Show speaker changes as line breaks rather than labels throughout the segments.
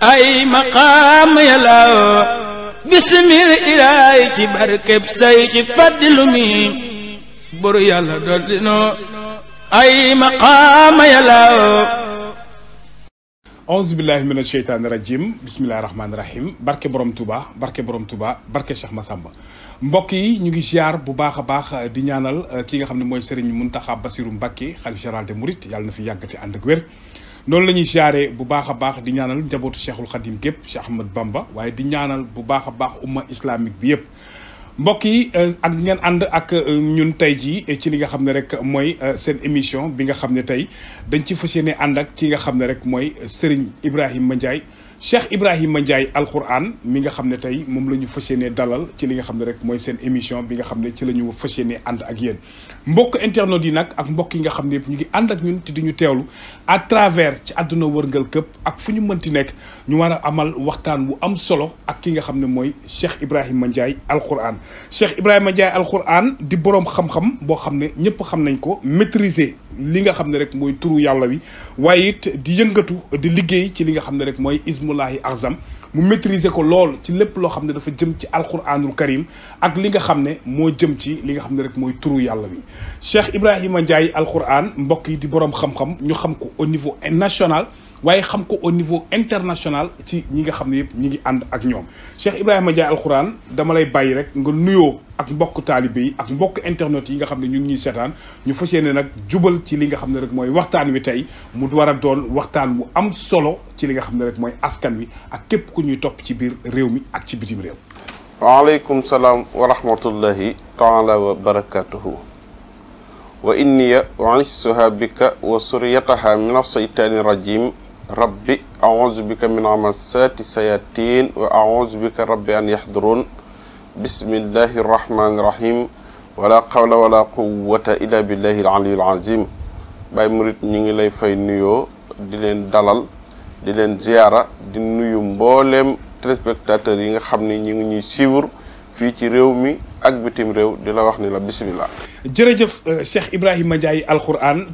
ay maqaam yàllaaw bisimil ilaay ci barkeb say ci faddilu mi buru yàlla dool dinoo ay maqaam yàllaaw aousubillahi min asheytaani rajim bisimillahi rahmaani rahim barke borom Touba barke borom Touba barke Cheikh Massamba mbokk yi ñu ngi ziar bu baax a baax euh, di ñaanal euh, ki nga xam ne mooy Serigne Mountakha Bassirou Mbacké xalif général des Mourides yàlla na fi yàgg te ànd ak wér noonu la ñuy jaare bu baax a baax di ñaanal njabootu cheikhul xadim gépp Cheikh Ahmad Bamba waaye di ñaanal bu baax a baax umma islamique bi yëpp mbokk yi euh, ak ngeen ànd ak euh, ñun tey jii euh, ci li nga xam ne rek mooy seen émission bi nga xam ne tey dañ ci fas yéene ànd ak ki nga xam ne rek mooy Serigne Ibrahima Ndiaye Cheikh Ibrahima Ndiaye alquran mi nga xam ne tey moom la ñu fas yéene dalal ci li nga xam ne rek mooy seen émission bi nga xam ne ci la ñu fas yéene ànd ak yéen mbokk internautes yi nag ak mbokk yi nga xam ne yëpp ñu ngi ànd ak ñun te di ñu teewlu à travers ci àdduna wërngal këpp ak fu ñu mënti nekk ñu war a amal waxtaan bu am solo ak ki nga xam ne mooy Cheikh Ibrahima Ndiaye Alquran Cheikh Ibrahima Ndiaye Alquran di borom xam-xam boo xam ne ñëpp xam nañ ko maîtriser li nga xam ne rek mooy turu yàlla wi waaye it di yëngatu di liggéey ci li nga xam ne rek mooy ismulahi azam mu maîtriser ko lool ci lépp loo xam ne dafa jëm ci alquranul karim ak li nga xam ne moo jëm ci li nga xam ne rek mooy turu yàlla bi Cheikh Ibrahima Ndiaye alquran mbokk yi di borom xam-xam ñu xam ko au niveau national waaye xam ko au niveau international ci ñi nga xam ne yëpp ñi ngi ànd ak ñoom Cheikh Ibrahima Ndiaye alxuraan dama lay bàyyi rek nga nuyoo ak mbokk taalibe yi ak mbokk internet yi nga xam ne ñun ñuy seetaan ñu fas yéene nag jubal ci li nga xam ne rek mooy waxtaan wi tey mu war a doon waxtaan bu am solo ci li nga xam ne rek mooy askan wi ak képp ku ñuy topp ci biir réew mi ak ci bitim réew. wa
rahmatullahi taala wa barakatuhu wa inniya uissuha bika wa suriyataha min asseytaani rabbi a'uuzu bika min hamazaati sayaatiin wa a'uuzu bika rabbi an yaxduruun bismillahi rahmaani rahim wala xawla wala quwwata illa billahi aliyul azim Baay Murit ñu ngi lay fay nuyoo di leen dalal di leen ziyaara di nuyu mboolem téléspectateurs yi nga xam ni ñu ngi ñuy suivre fii ci réew mi ak bitim réew di la wax ni la bismillah
jërëjëf euh, Cheikh Ibrahima Ndiaye alxuraan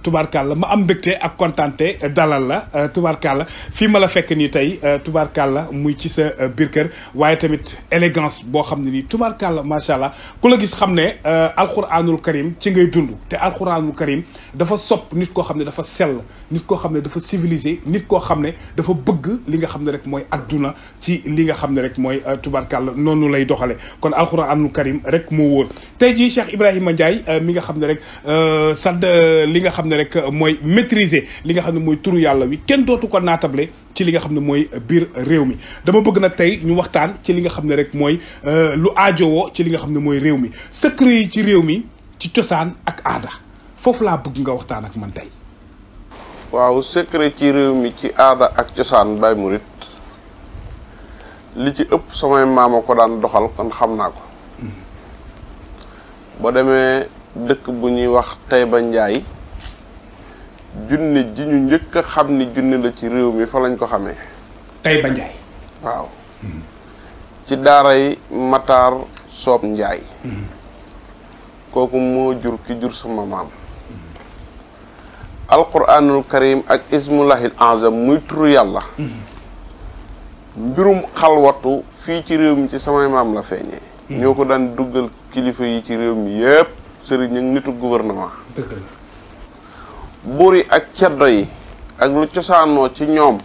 la ma am mbégte ak kontante euh, dalal la euh, tubaarkàlla fii ma la fekk nii tey la muy ci sa biir kër waaye tamit élégance boo xam ne nii la macha allah ku la gis xam ne alxuraanul karim ci ngay dund te alxuraanul karim dafa sopp nit koo xam ne dafa sell nit koo xam ne dafa civilisé nit koo xam ne dafa bëgg li nga xam ne rek mooy adduna ci li nga xam ne rek mooy tubaarkàlla noonu lay doxale kon alxuraanul karim rek moo wóor tey jii Cheikh Ibrahima Ndiaye mi nga xam ne rek euh, sadd euh, li nga xam ne rek euh, mooy maîtriser li nga xam ne mooy turu yàlla wi kenn dootu ko naatable ci li nga xam ne mooy biir réew mi dama bëgg nag tey ñu waxtaan ci li nga xam ne rek mooy lu aajowoo ci li nga xam ne mooy réew mi secret yi ci réew mi ci cosaan ak aada foofu laa bëgg nga waxtaan ak man tey
waaw secret ci réew mi ci aada ak cosaan Baye Mouride li ci ëpp samay maama ko daan doxal kon xam naa ko hmm. boo demee dëkk bu ñuy wax Taïba njaay junne ji ñu njëkk xam ni junne la ci réew mi fa lañ ko xamee Taïba Ndiaye waaw hmm. ci daaray Matar Soob Njaay hmm. kooku moo jur ki jur sama maam hmm. alquranul karim ak ismulahil azam muy turu yàlla mbirum xalwatu fii ci réew mi ci samay maam la feeñee ñoo ko daan duggal kilifa yi ci réew mi yépp sëriñ ak nitu gouvernement. dëgg buur yi ak ceddo yi ak lu cosaanoo ci ñoom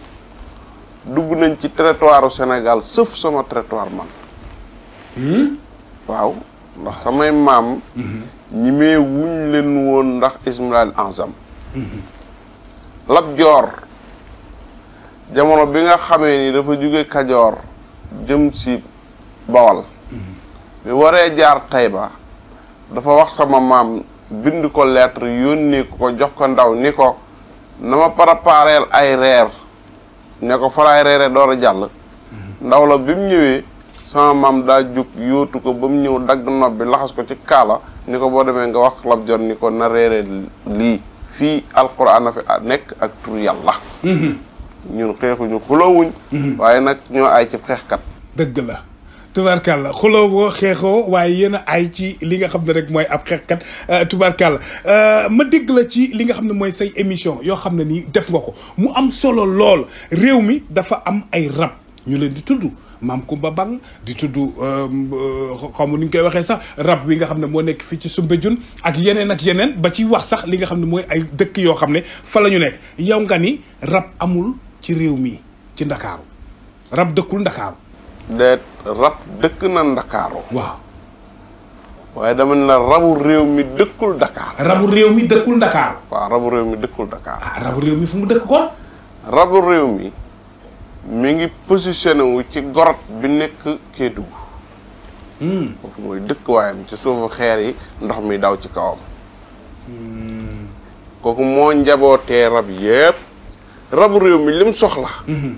dugg nañ ci territoire Sénégal sëf sama territoire man. Hmm? waaw ndax samay maam. Hmm. ñi mee wuñ leen woon ndax Ismaïl Ansam. Hmm. Lat jamono bi nga xamee ni dafa jóge Kajoor jëm si Bawal. bi waree jaar Tayba dafa wax sama maam bind ko lettre yónnee ko jox ko ndaw ni ko na ma prépareel ay reer ne ko faraay reere door a jàll ndaw la bi mu ñëwee sama maam daa jóg yootu ko ba mu ñëw dagg nob bi laxas ko ci kaala ni ko boo demee nga wax lab jot ni ko na reere lii fii alquran a fi nekk ak tur yàlla mhm. ñun xeexuñu xulawuñ mhm. waaye nag ñoo ay ci xeexkat
dëgg la tubaarkàlla xuloo boo xeexoo waaye yéen ay ci li nga xam ne rek mooy ab xeexkat euh, tubaarkàlla euh, ma dégg la ci li nga xam ne mooy say émission yoo xam ne nii def nga ko mu am solo lool réew mi dafa am ay rab ñu leen di tudd maam Kumba Bang di tudd euh, xaw ma nu koy waxee sax rab wi nga xam ne moo nekk fii ci Soumbédioune ak yeneen ak yeneen ba ci wax sax li nga xam ne mooy ay dëkk yoo xam ne fa la ñu nekk yow nga ni rab amul ci réew mi ci Ndakaaru rab dëkkul Ndakaaru de
rab dëkk na ndakaaru waaw waaye dama ne la rabu réew mi dëkkul Dakar.
rabu réew mi dëkkul Dakar.
waaw rabu réew mi dëkkul Dakar. Ah, mi fu mu dëkk kon. rabu réew mi mu ngi positionné ci gorot bi nekk Kédougou. Hmm. foofu mooy dëkkuwaayam ci suufu xeer yi ndox mi daw ci kawam. Hmm. kooku moo njabootee rab yépp rabu réew mi lim soxla. Hmm.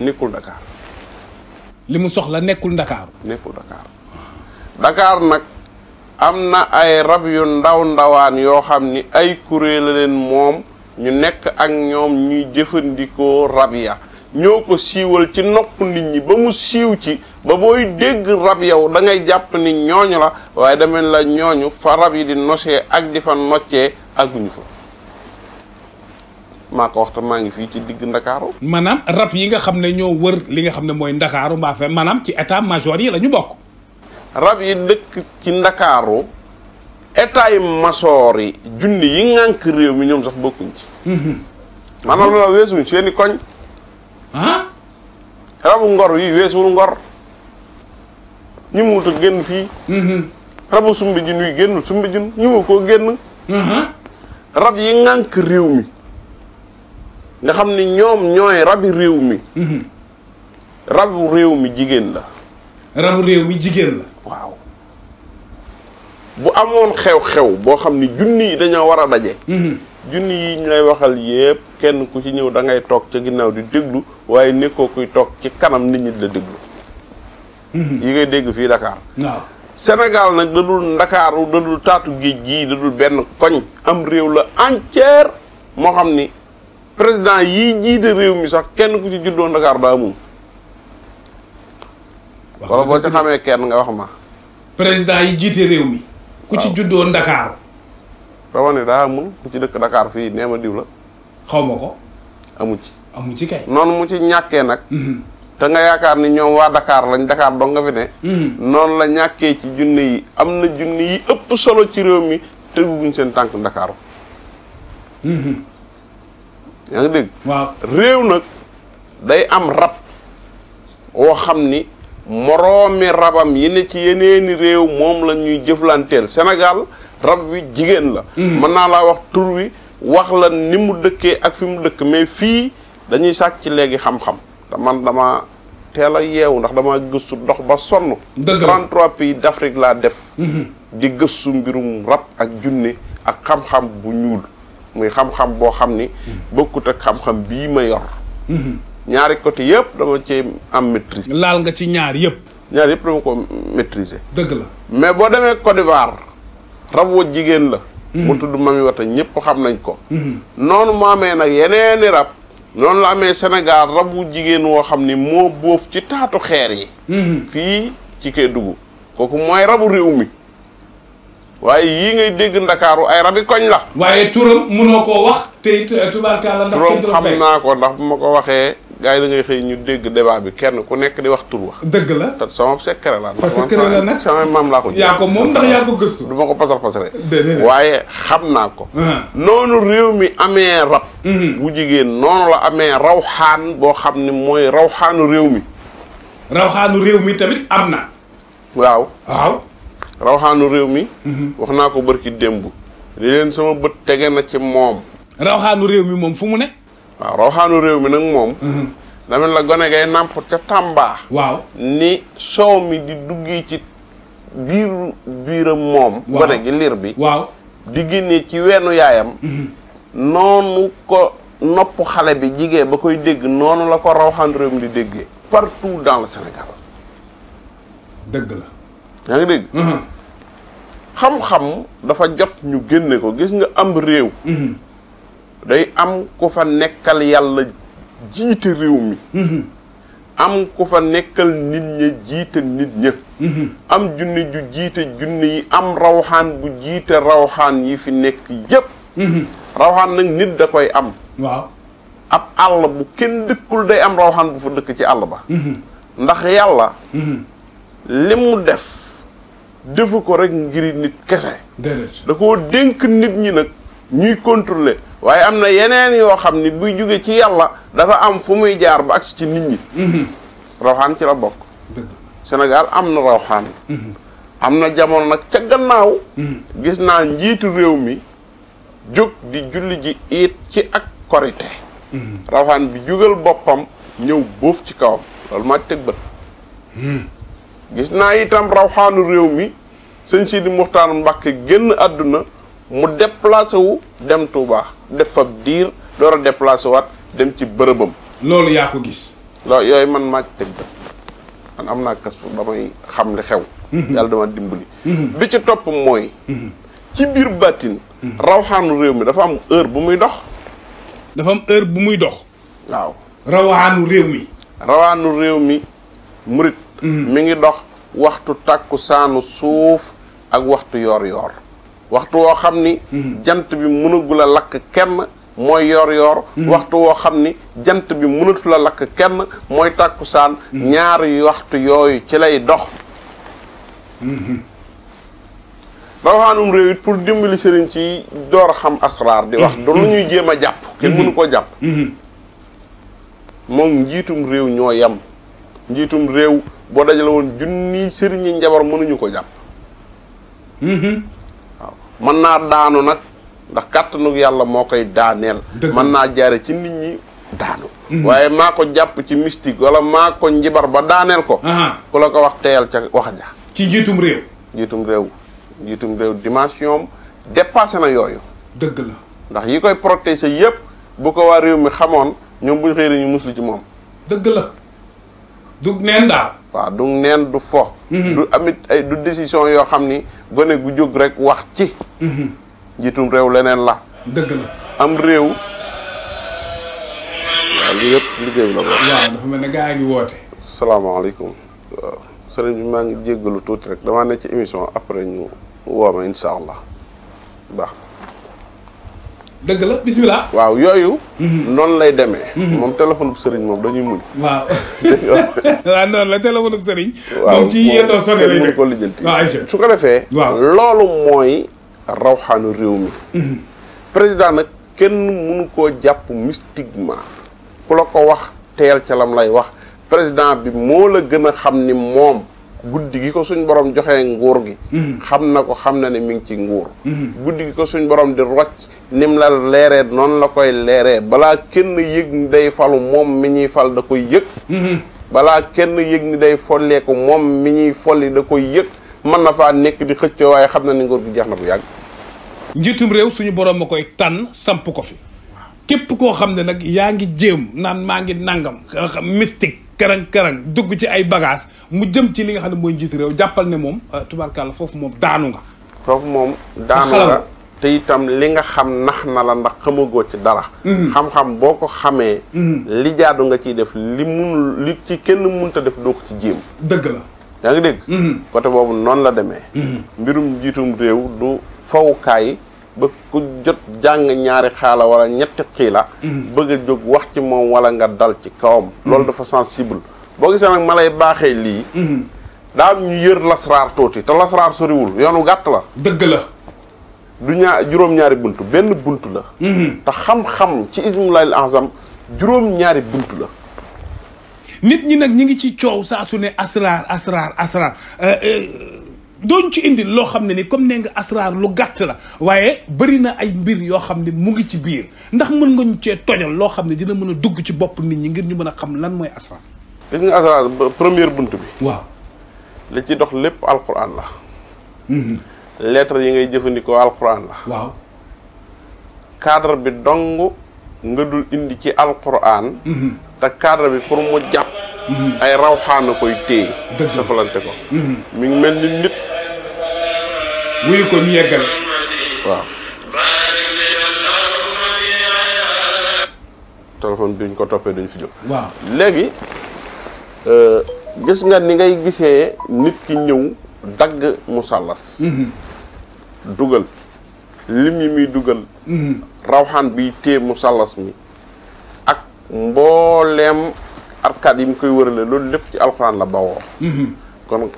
nekkul Dakar. li mu soxla nekkul Dakar. nekkul Dakar
Dakar nag am na ay rab yu ndaw ndawaan yoo xam ni ay la leen moom ñu nekk ak ñoom ñuy jëfandikoo rab ya ñoo ko siiwal ci nopp nit ñi ba mu siiw ci ba booy dégg rab yow dangay jàpp ni ñooñu la waaye demen la ñooñu fa rab yi di nosee ak di fa noccee àgguñu fa
maa ko wax maa ngi fii ci
digg ndakaaru
maanaam rab yi nga xam ne ñoo wër li nga xam ne mooy ndakaaru mbaa fe maanaam ci état major yi la ñu bokk rab yi dëkk ci ndakaaru état yi masoor yi junni yi ngànk réew
mi ñoom sax bokkuñ ci mhm. maanaam la weesuñ seeni koñ ah? rabu ngor yi weesuwul ngor ñi a génn fii mhm. rabu sumbi jun yi génnul sumbi jun ñi uh-huh. rab yi ngànk réew mi nga xam ni ñoom ñooy rabi réew mi. Mhm. rabu réew mi jigéen la.
rabu réew mi jigéen la. waaw
bu amoon xew-xew boo xam ni junni yi dañoo war a daje. Mhm. junni yi ñu lay waxal yépp kenn ku ci ñëw dangay toog ca ginnaaw di déglu waaye nekkoo kuy toog ci kanam nit ñi la déglu. Mhm. yi ngay dégg fii Dakar. waaw nag da Ndakaaru da taatu géej gii da benn koñ am réew la entière moo xam ni. président yii jiite réew mi sax kenn ku ci juddoo Ndakaar daa moom boo ci xamee kenn nga wax ma président
yi jiite réew mi ku ci juddoo Ndakaar
daa amul ci dëkk dakaaru fii nee ma diw xaw ma ko amu ci amu ci kay noonu mu ci ñàkkee nag mm-hmm. te nga yaakaar ni ñoom waa Dakar lañ Dakar dong nga fi ne mm-hmm. noonu la ñàkkee ci junne yi am na junne yi ëpp solo ci réew mi teguguñ seen tànk Ndakaaru mm-hmm. yaa ngi dégg. réew nag day am rab woo xam ni moroomi rabam yi ne ci yeneeni réew moom lañuy ñuy jëflanteel Sénégal rab wi jigéen la. Mm. mën naa laa wax tur wi wax la ni mu dëkkee ak fi mu dëkk mais fii dañuy sàcc léegi xam-xam te man dama teel a yeewu ndax dama gëstu dox ba sonn. dëgg la 33 pays laa def. Mm-hmm. di gëstu mbirum rab ak junne ak xam-xam bu ñuul. muy xam-xam boo xam ni mm-hmm. bokkut ak xam-xam bii ma yor mm-hmm. ñaari côté yëpp dama ci am maîtrise laal
nga ci ñaar yëpp ñaar yëpp dama ko
maîtriser dëgg la mais boo demee Côte d'Ivoire rab wa jigéen la mm-hmm. mu tudd mami wata ñëpp xam nañ ko noonu mu amee nag yeneeni rab noonu la amee Sénégal rabu jigéen woo xam ni moo boof ci taatu xeer yi fii ci kee dugg kooku mooy rabu réew mi waaye yii ngay dégg ndakaaru ay rabi koñ la. waaye turam mënoo eh, ko wax
ndax. turam xam naa
ko ndax bu ma ko waxee. gars yi da xëy ñu dégg débat bi kenn ku nekk di wax tur dëgg la te sama secret la fa secret la nag sama maam laa ko yaa du ma ko pasar pasare waaye xam naa ko ah. noonu réew mi amee rab mm-hmm. bu jigéen noonu la amee rawxaan boo xam ni mooy rawxaanu réew mi réew mi tamit am na waaw rawxaanu réew mi. Mhm. wax naa ko barki démb. li leen sama bët tege na ci moom. rawxaanu réew mi moom fu mu ne. waaw rawxaanu réew mi nag moom. Mhm. dama la gone gay nàmp ca Tamba. ni soow mi di duggee ci biiru biiram moom. waaw gone gi liir bi. waaw di génnee ci weenu yaayam. Mhm. noonu ko nopp xale bi jigéen ba koy dégg noonu la ko rawxaanu réew mi di déggee. partout dans le Sénégal.
yaa ngi dégg mhm.
xam-xam dafa jot ñu génne ko gis nga am réew mhm. day am ku fa nekkal yàlla jiite réew mi mhm. am ku fa nekkal nit ña jiite nit ña am junne ju jiite junne yi am rawxaan bu jiite rawxaan yi fi nekk yépp rawxaan nag nit da koy am ab àll bu kenn dëkkul day am rawxaan bu fa dëkk ci àll ba ndax yàlla li mu def defu ko rek ngir nit kese. da koo dénk nit ñi nag ñuy contrôler waaye am na yeneen yoo xam ni buy jóge ci yàlla dafa am fu muy jaar ba agsi ci nit ñi. Mhm. rawxaan ci la bokk. Sénégal am na rawxaan. Mhm. am na jamono nag ca gannaaw. Mhm. gis naa njiitu réew mi jóg di julli ji it ci ak korite. rawxaan bi jugal boppam ñëw boof ci kawam loolu maa teg bët. gis naa itam rawxaanu réew mi sëñ Sidi Muxtaar Mbàkke génn àdduna mu déplacé wu dem Touba def fab diir door a déplacé waat dem ci bërëbam. loolu yaa ko gis. loolu yooyu man maa ci man am naa kas fu damay xam li xew. Mhm. yàlla dama dimbali. Mhm. bi ci topp mooy. Mhm. ci biir bàttin. rawxaanu réew mi dafa am heure bu muy dox. dafa am heure bu muy dox. waaw rawaanu réew mi. rawaanu réew mi murit mi ngi dox waxtu takku saanu suuf ak waxtu yor-yor waxtu woo xam ni. jant bi mënagul a lakk waxtu woo xam ni jant bi mënatul a lakk kenn mooy takku saan. ñaari waxtu yooyu ci lay dox. rawaxaanum réew it pour dimbali sëriñ ci door a xam asraar di wax du lu ñuy jéem a jàpp kenn mënu ko jàpp moom njiitum réew ñoo yam njiitum réew boo dajale woon junni sëriñi njabar mënuñu ko jàpp mm-hmm. waaw mën naa daanu nag ndax kàttanu yàlla moo koy daaneel mën naa jaare ci nit ñi daanu mm-hmm. waaye maa ko jàpp ci mystique wala maa ko njibar ba daaneel ko ku la ko wax teyal ca wax ci njiitum réew njiitum réew njiitum réew dimension dépassé na yooyu dëgg la ndax yi koy protéger yépp bu ko waa réew mi xamoon ñoom buñ xëy ñu muslu ci moom dëgg la du neen daal. waaw du neen du fo. Mhm. du amit ay du décision yoo xam ni gone gu jóg rek wax ci. Mhm. njiitum réew leneen la. dëgg la am réew. waaw lii yëpp liggéey bi la ko wax.
waaw mel ne gaa yi
ngi woote. sëriñ bi maa ngi jéggalu tuuti rek damaa ne ci émission après ñu woo ma incha allah baax. dëgg la bismillah waaw yooyu. Mhm. noonu lay demee. Mhm. moom téléphone bu sëriñ moom dañuy muñ. waaw
waaw noonu la téléphone bu sëriñ. moom ci yéen sonné lay ko lijjanti
su ko defee. loolu mooy rawxaanu réew mi. Mhm. président nag kenn mënu koo jàpp mystiquement. ku la ko wax teel ca lam lay wax président bi moo la gën a xam ni moom. guddi gi ko suñ borom joxee nguur gi. xam na ko xam na ne mi ngi ci nguur. guddi gi ko suñ borom di rocc. nim la leeree noonu la koy leeree balaa kenn yëg ni day falu moom mi ñuy fal da koy yëg mm-hmm. balaa kenn yëg ni day folleeku moom mi ñuy folli da koy yëg mën na faa nekk di xëccoo waaye xam na ni nguur gi jeex na bu yàgg
njiitum réew suñu borom ma koy tànn samp ko fi képp koo xam ne nag yaa ngi jéem naan maa ngi nangam mystique karang-karang dugg ci ay bagage mu jëm ci li nga xam ne mooy njiitu réew jàppal ne moom euh, tubaarkàlla foofu moom daanu nga
foofu moom daanu nga te itam li nga xam nax na la ndax xamagoo ci dara mm-hmm. xam-xam boo ko xamee mm-hmm. li jaadu nga ciy def li mun li ci kenn munut a def doo ko ci jéem dëgg la yaa ngi dégg mm-hmm. côté boobu noonu la demee mbirum jiitum réew du fowukaay ba ku jot jàng ñaari xaala wala ñetti xiila bëgg a jóg wax ci moom wala nga dal ci kawam loolu dafa sensible boo gisee nag ma lay baaxee lii daa am ñu yër lasraar tuuti te lasraar soriwul yoonu gàtt la dëgg la du ñaar juróom-ñaari bunt benn bunt la mhm. te xam-xam ci ismullahil azam juróom-ñaari bunt la
nit ñi nag ñi ngi ci coow saa su ne asraar asraar asraar euh, euh, doon ci indi loo xam ne ni comme nee nga asraar lu gàtt la waaye bëri na ay mbir yoo xam ne mu ngi ci biir ndax mën nga ñu cee tojal loo xam ne dina mën a dugg ci bopp nit ñi ngir ñu mën a xam lan mooy asraar
gis nga asraar première bunt bi waaw li ci dox lépp alquran la mhm. lettre yi ngay jëfandikoo alquran la. waaw bi dong nga dul indi ci alquran. Mhm. te cadre bi pour mu jàpp. Mhm. ay rawxaan a koy téye. dëgg ko. Mhm. mi mel ni nit.
wuyu ko ñu yeggal.
waaw. téléphone bi duñ ko toppee duñ fi jóg. waaw léegi euh, gis nga ni ngay gisee nit ki ñëw dagg musallas dugal lim yi muy dugal mm-hmm. rawxaan bi téye musallas mi ak mbooleem arkaat yi mu koy wërale loolu lépp ci alxuraan la bawoo mm-hmm. kon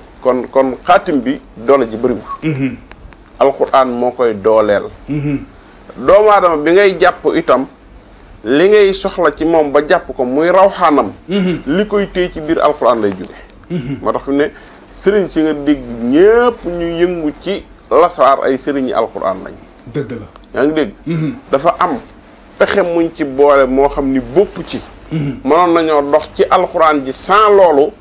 kon kon bi doole ji bëriwul mm-hmm. alxuraan moo koy dooleel doomu aadama bi ngay jàpp itam li ngay soxla ci moom ba jàpp ko muy rawxaanam li koy téye ci biir alxuraan lay jóge moo tax fi ne sëriñ si nga dégg ñépp ñu yëngu ci lasaar ay sëriñi alquran lañ. dëgg la yaa ngi dégg. Mm-hmm. dafa am pexe muñ ci boole moo xam ni bopp ci. Mm-hmm. mënoon nañoo dox ci alxuraan ji sans loolu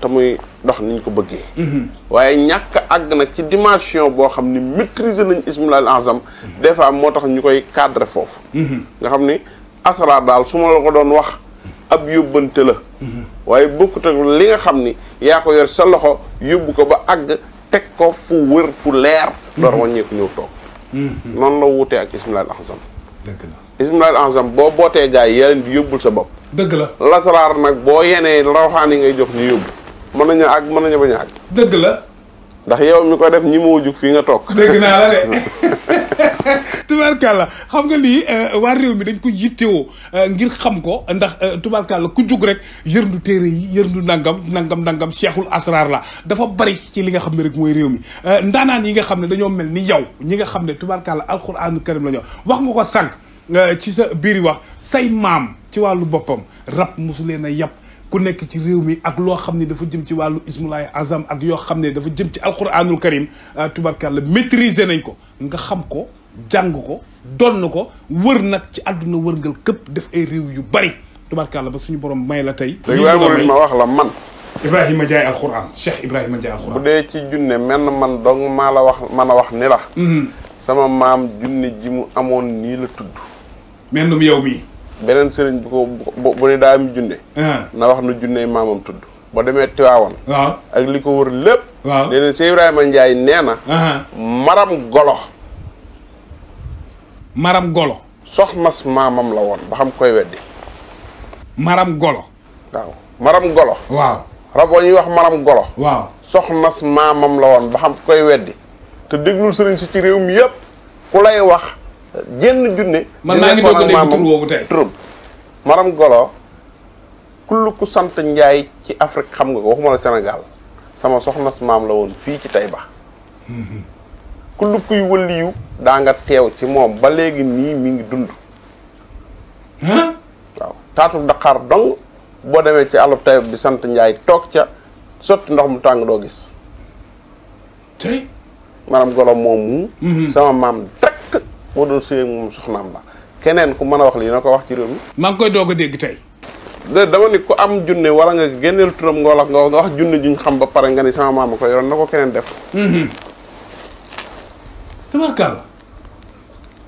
te muy dox niñ ko bëggee. Mm-hmm. waaye ñàkk àgg nag ci dimension boo xam ni maîtriser nañ ismul azam des fois moo tax ñu koy cadre foofu. nga xam ni asrar daal su ma la ko doon wax. ab yóbbante la. waaye bokkut li nga xam ni yaa ko yor sa loxo yóbbu ko ba ag teg ko fu wër fu leer door mhm. wàññeeku ñëw toog mhm. noonu la wutee ak ismilaal ahzam dëgg la ismilaal ahzam boo bootee gars yi yaa yóbbul sa bopp dëgg la lasaraar nag boo yenee rawxaan yi ngay jox ñu yóbbu mën nañu ak mën nañu bañ a
dëgg la ndax
yow mi ko def ñi moo fii nga toog. dégg naa la
de xam nga lii euh, waa réew mi dañ ko yittewoo euh, ngir xam ko ndax euh, tubaarkàlla ku jug rek yërndu téere yi yërndu nangam nangam ndangam seexul asraar la dafa bari ci li nga xam ne rek mooy réew mi ndaanaan yi nga xam ne dañoo mel ni yow ñi nga xam ne tubaarkàlla alxuraanu karim la ñu wax nga ko sànq ci sa biir wax say maam ci wàllu boppam rab mosu leen a yàpp ku nekk ci réew mi ak loo xam ni dafa jëm ci wàllu ismulaay azam ak yoo xam ne dafa jëm ci alquranul karim euh, tubarkalla maîtriser nañ ko nga xam ko jàng ko donn ko wër nag ci àdduna wërngal këpp def ay réew yu bari la ba suñu borom may la tey léegi ma wax la man Ibrahima Ndiaye alquran Cheikh Ibrahima Ndiaye alquran bu
dee ci junne menn man dong maa la wax man a wax ni la mhm. sama maam junne ji mu amoon nii la tudd mennum yow mii beneen sëriñ bu ko bu ne daa am junne ah. na wax nu junne maamam tudd ba demee Tiwaawan waaw ah. ak li ko wër lépp waaw ah. nee na Cheikh Ibrahima nee na maram golo maram golo soxnas maamam la woon ba xam koy weddi maram golo waaw maram golo waaw rab wa ñuy wax maram golo waaw soxnas la woon xam koy weddi te déglul sëriñ si ci réew mi yëpp ku lay wax jenn junne. man maa ngi doog a dégg tur woowu golo kull sant njaay ci Afrique xam nga ko waxuma la Sénégal sama soxna maam la woon fii ci Taïba kull kuy wëlliyu daa nga teew ci moom ba léegi nii mi ngi dund waaw taatu daqaar dong boo demee ci àllub Taïba bi sant njaay toog ca sotti ndox mu tàng doo gis tey golo moomu mm-hmm. sama maam rek moo doon sëy moom soxnaam la keneen ku mën a wax lii na ko wax ci réew mi.
maa koy doog a dégg tey.
dama ni ku am junne wala nga génneel turam nga wax nga wax junne juñ xam ba pare nga ni sama maama ko yoroon na ko keneen def. Mhm. tabarkaala.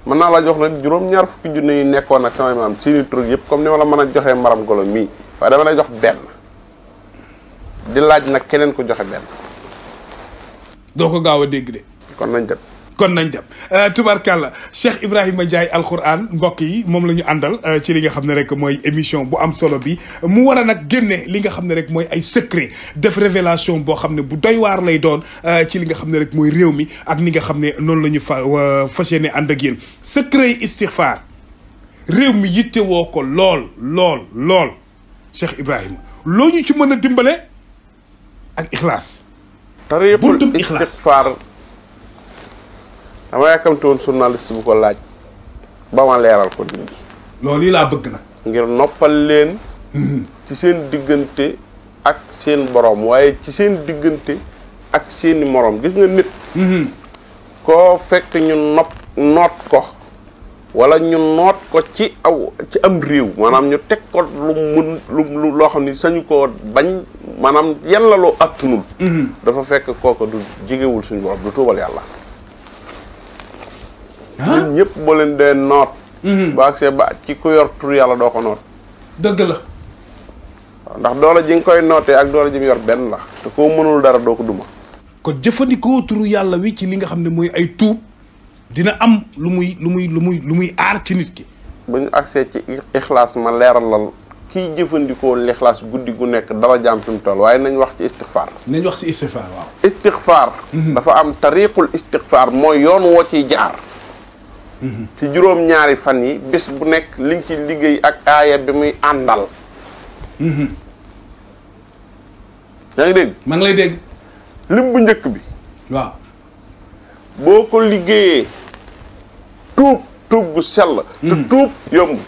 mën naa la jox nag juróom fukki junne yi nekkoon ak samay maam seeni tur comme ni ma la mën a joxe maram golo mii waaye dama lay jox benn di laaj nag keneen ku joxe benn.
doo ko gaaw a dégg de. kon nañ dem. kon nañ dem euh, tubarkàlla Cheikh jaay Ndiaye alquran mbokk yi moom la ñu àndal euh, ci li nga xam ne rek mooy émission bu am solo bi mu war a nag génne li nga xam ne rek mooy ay secret def révélation boo xam ne bu doy waar lay doon euh, ci li nga xam ne rek mooy réew mi ak ni nga xam ne noonu la ñu fa fas yéene ànd ak yéen secret yi istixfaar réew mi yitte woo ko lool lool lool Cheikh Ibrahima loo ñu ci mën a dimbale ak ixlaas. buntum ixlaas
dama yàkkamti woon journaliste bu ko laaj ba ma leeral ko nit
loolu yi laa bëgg na
ngir noppal leen mhm. ci seen diggante ak seen borom waaye ci seen diggante ak seeni moroom gis nga nit mhm. koo fekk ñu nopp noot ko wala ñu noot ko ci aw ci am réew maanaam ñu teg ko lu mun lu loo xam ni sañu ko bañ maanaam yan la loo àttunul mhm. dafa fekk kooka du jegewul suñu borom du tuubal yàlla ñun ñëpp boo leen dee noot mhm. ba agsee ba ci ku yor tur yàlla doo ko noot dëgg la ndax doole ji nga koy nootee ak doole ji mu yor benn la te koo mënul dara doo ko duma
kon jëfandikoo turu yàlla wi ci li nga xam ne mooy ay tuub dina am lu muy lu muy lu muy lu muy aar ci nit ki
bu ñu agsee ci ixlaas ma leeralal kiy jëfandikoo lixlaas guddi gu nekk dara jaam fi mu toll waaye nañ wax ci istixfaar nañ wax ci istixfaar waaw istixfaar mhm. dafa am tariqul istixfaar mooy yoon woo ciy jaar ci juróom-ñaari fan yi bis bu nekk li ci liggéey ak aaya bi muy àndal yaa ngi dégg maa bu njëkk bi waaw boo ko liggéeyee tuub tuub gu sell te mm-hmm. tuub yomb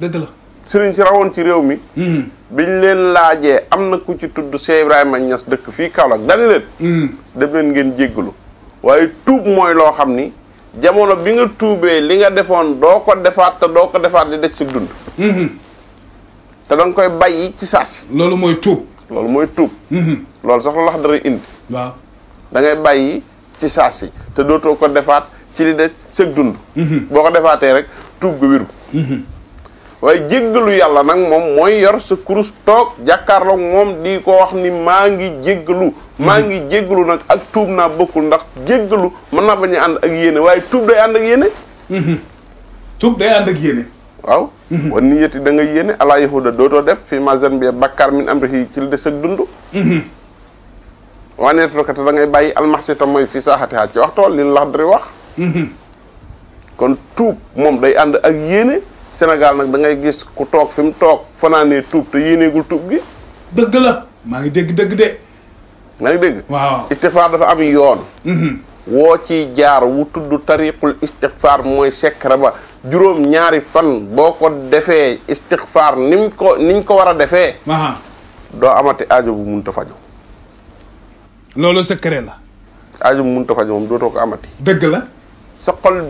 dëgg la sëriñ si rawoon ci réew mi mm-hmm. biñ leen laajee am na ku ci tudd Cheikh ma Niass dëkk fii Kaolack dani leen mm-hmm. dem leen ngeen jéggalu waaye tuub mooy loo xam ni jamono bi nga tuubee li nga defoon doo ko defaat te doo ko defaat di des si dund. Mhm. te da koy bàyyi ci saasi. loolu mooy tuub. loolu mooy tuub. Mhm. loolu sax loolu dara indi. waaw da ngay bàyyi ci saasi te dootoo ko defaat ci li des sëg dund. Mhm. boo ko defaatee rek tuub ga wéru. waaye jéggalu yàlla nag moom mooy yor sa kurus toog jàkkaarloog moom di ko wax ni maa ngi jéggalu maa ngi jéggalu nag ak tuub naa bokkul ndax jéggalu mën naa bañ a ànd ak yéene waaye tuub day ànd ak yéene mhm. tuub day ànd waaw mhm. wan ni yeti da nga yéene ala yahuda dootoo def fi mazen bi bakkaar min amrihi ci li des ak dund mhm. waneetulkate da ngay bàyyi almaxsi tam mooy fi saaxatihaa ci waxtool li lax dari wax kon tuub moom day ànd ak yéene Sénégal nag da ngay gis ku toog fi mu toog fanaanee tuub te yéeneegul tuub gi. dëgg la maa ngi dégg dëgg de. maa ngi dégg. dafa am yoon. Mhm. woo ci jaar wu tudd tariqul istighfar mooy secret ba juróom ñaari fan boo ko defee istighfar nim ko niñ ko war a defee doo amati aajo bu munta faju loolu secret la aajo bu munta faju moom dootoo ko amati dëgg la sa xol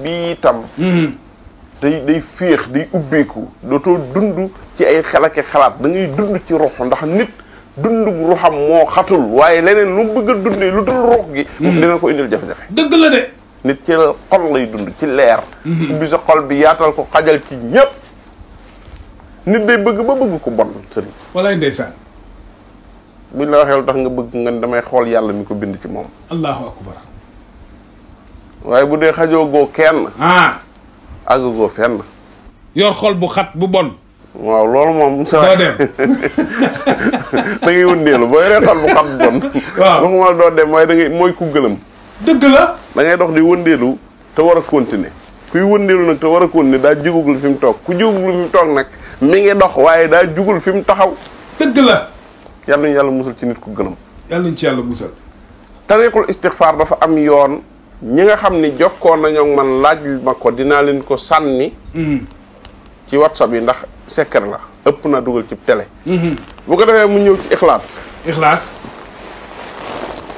day day féex day ubbeeku dootoo dund ci ay xelake xalaat da ngay dund ci ruux ndax nit dundu ruuxam moo xatul waaye leneen lu mu bëgg a dundee lu dul ruux gi mhm. dina ko indil jafe-jafe dëgg la de nit ci xol lay dund ci leer mhm. ubbi sa xol bi yaatal ko xajal ci ñépp nit day bëgg ba bëgg ko bon sëriñ walaay ndeysaan buñ la waxee lu tax nga bëgg nga damay xool yàlla mi ko bind ci moom
allahu akbar
waaye bu dee xajoo goo kenn ah àggagoo fenn. yor xol bu xat bu bon. waaw loolu moom. doo dem da ngay wëndeelu boo yoree xol bu xat bu bon. waaw waxuma doo dem waaye da ngay mooy ku dëgg la. da ngay dox di wëndeelu te war a continuer kuy wëndeelu nag te war a continuer daa jugugul fi mu toog ku jugugul fi mu toog nag mi ngi dox waaye daa jugul fi mu taxaw. dëgg la. yàlla yàlla musal ci nit ku gëlëm. yàlla yàlla musal. tariqul istixfaar dafa am yoon. ñi nga xam ni jokkoon nañoo man laaj ma ko dinaa leen ko sànni mm-hmm. ci whatsapp yi ndax secret la ëpp na dugal ci tele mm-hmm. bu ko defee mu ñëw ci ixlaas ixlaas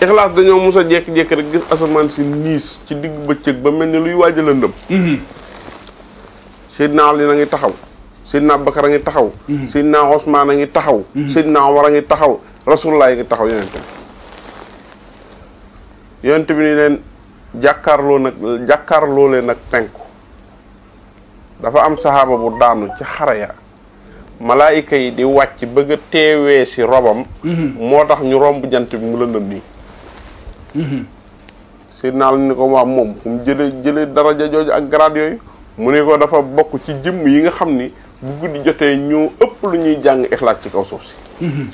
ixlaas dañoo mos a jékki-jékki rek gis asamaan si niis ci digg bëccëg ba mel ni luy waaj a lëndëm mm-hmm. Seydina Ali na ngi taxaw Seydina Bakar a ngi taxaw Seydina Osmaan a ngi taxaw Seydina Omar a ngi taxaw Rasulullah a ngi taxaw yonente bi yonente bi ni leen jàkkaarloo nag jàkkaarloo leen nag penku dafa am saxaaba bu daanu ci xare ya malaayika yi di wàcc bëgg a teewee si robam mm-hmm. moo tax ñu romb jant bi mu lëndëm nii mm-hmm. Seydina Ali ni ko waa moom fu jële jële daraja jooju ak grade yooyu mu ne ko dafa bokk ci jëmm yi nga xam ni bu guddi jotee ñoo ëpp lu ñuy jàng ixlaas ci kaw suuf si mm-hmm.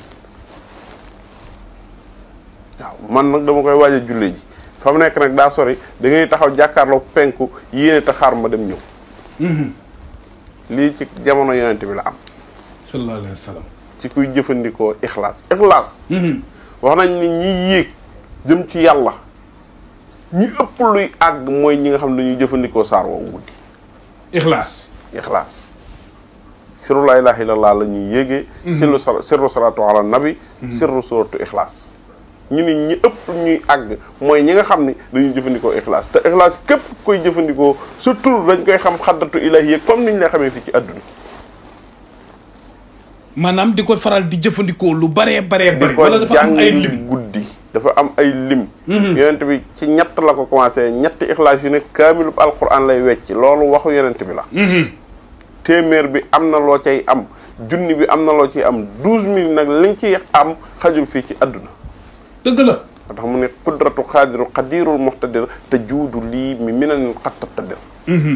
waaw man nag dama koy waaj a ji fa mu nekk nag daa sori da ngay taxaw jàkkaarloo penku yéene te xaar ma dem ñëw. Mhm. lii ci jamono yonent bi la am. sallallahu alayhi wa ci kuy jëfandikoo ixlaas ixlaas. Mhm. wax nañ ni ñi yéeg jëm ci yàlla ñi ëpp luy àgg mooy ñi nga xam ne dañuy jëfandikoo saar woowu guddi.
ixlaas
ixlaas. sirru laa ilaaha illallaah la ñuy yéegee. Mhm. sirru salaatu ala nabi. sirru suuratu ixlaas. ñu ni ñi ëpp ñuy àgg mooy ñi nga xam ni dañuy jëfandikoo ixlaas te ixlaas képp koy jëfandikoo surtout dañ koy xam xaddatu ilahi comme ni ñu la xamee
fii ci àdduna maanaam di ko faral di jëfandikoo lu baree baree bari wala dafa am ay lim guddi
dafa am ay lim mm-hmm. yonent bi ci ñett la ko commencé ñetti ixlaas yu ne kaamilub alquran lay wecc loolu waxu yonent bi la mm-hmm. téeméer bi am na loo cay am junni bi am na loo ciy am douze mille nag li nga ciy am xajul fii ci àdduna dëgg mu ne qudratu xaadiru xadirul muxtadir te juudu lii mi minan xat tabtadir mhm.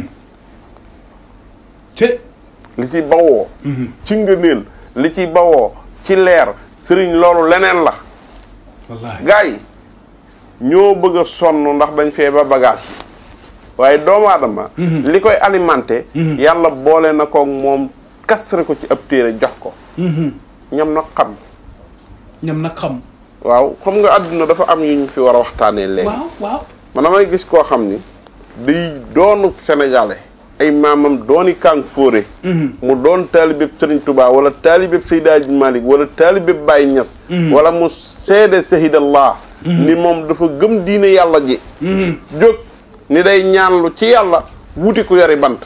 te li ci bawoo mhm. ci ngëneel li ci bawoo ci leer sëriñ loolu leneen la wallaahi ñoo bëgg sonn ndax dañ fee ba bagage yi waaye doomu aadama mhm. li koy alimenté yàlla boole na koog moom kasre ko ci ab téere jox ko ñam nag xam ñam nag xam waaw comme nga àdduna dafa am yu ñu fi war a waxtaanee léegi. ma waaw damay gis koo xam ni. day doonu sénégalais. ay maamam dooni kàng fóore mhm. mu doon taalibeb Sëriñ Tuubaa wala taalibeb Seydi Aji Malik wala taalibeb Baye Ñas mhm. wala mu seede sahidallah mhm. ni moom dafa gëm diine yàlla ji jóg ni day ñaanlu ci yàlla wuti ku yori bant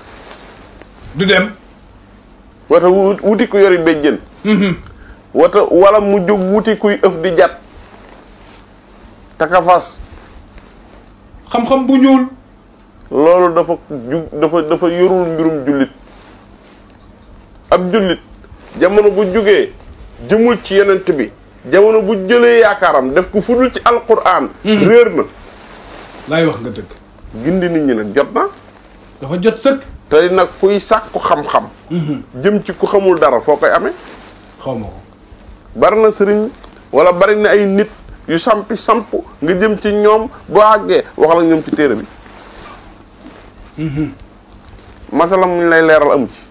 du dem wata wuti yori béjjën wata wala mu jóg wuti kuy ëf di jat taka fas xam-xam bu ñuul loolu dafa ju dafa dafa yorul mbirum jullit ab jullit jamono bu jugee jëmul ci yenent bi jamono bu jëlee yaakaaram def ko fudul ci alquran hmm. réer na laay wax nga dëgg gindi nit ñi nag jot na dafa jot sëkk te nag kuy sàkku xam-xam hmm. jëm ci ku xamul dara foo koy amee xaw ma ko bari na sëriñ wala bari na ay nit yu sampi samp nga jëm ci ñoom boo àggee waxal ak ñoom ci téere bi mm-hmm. masala mu ñu lay leeral amu ci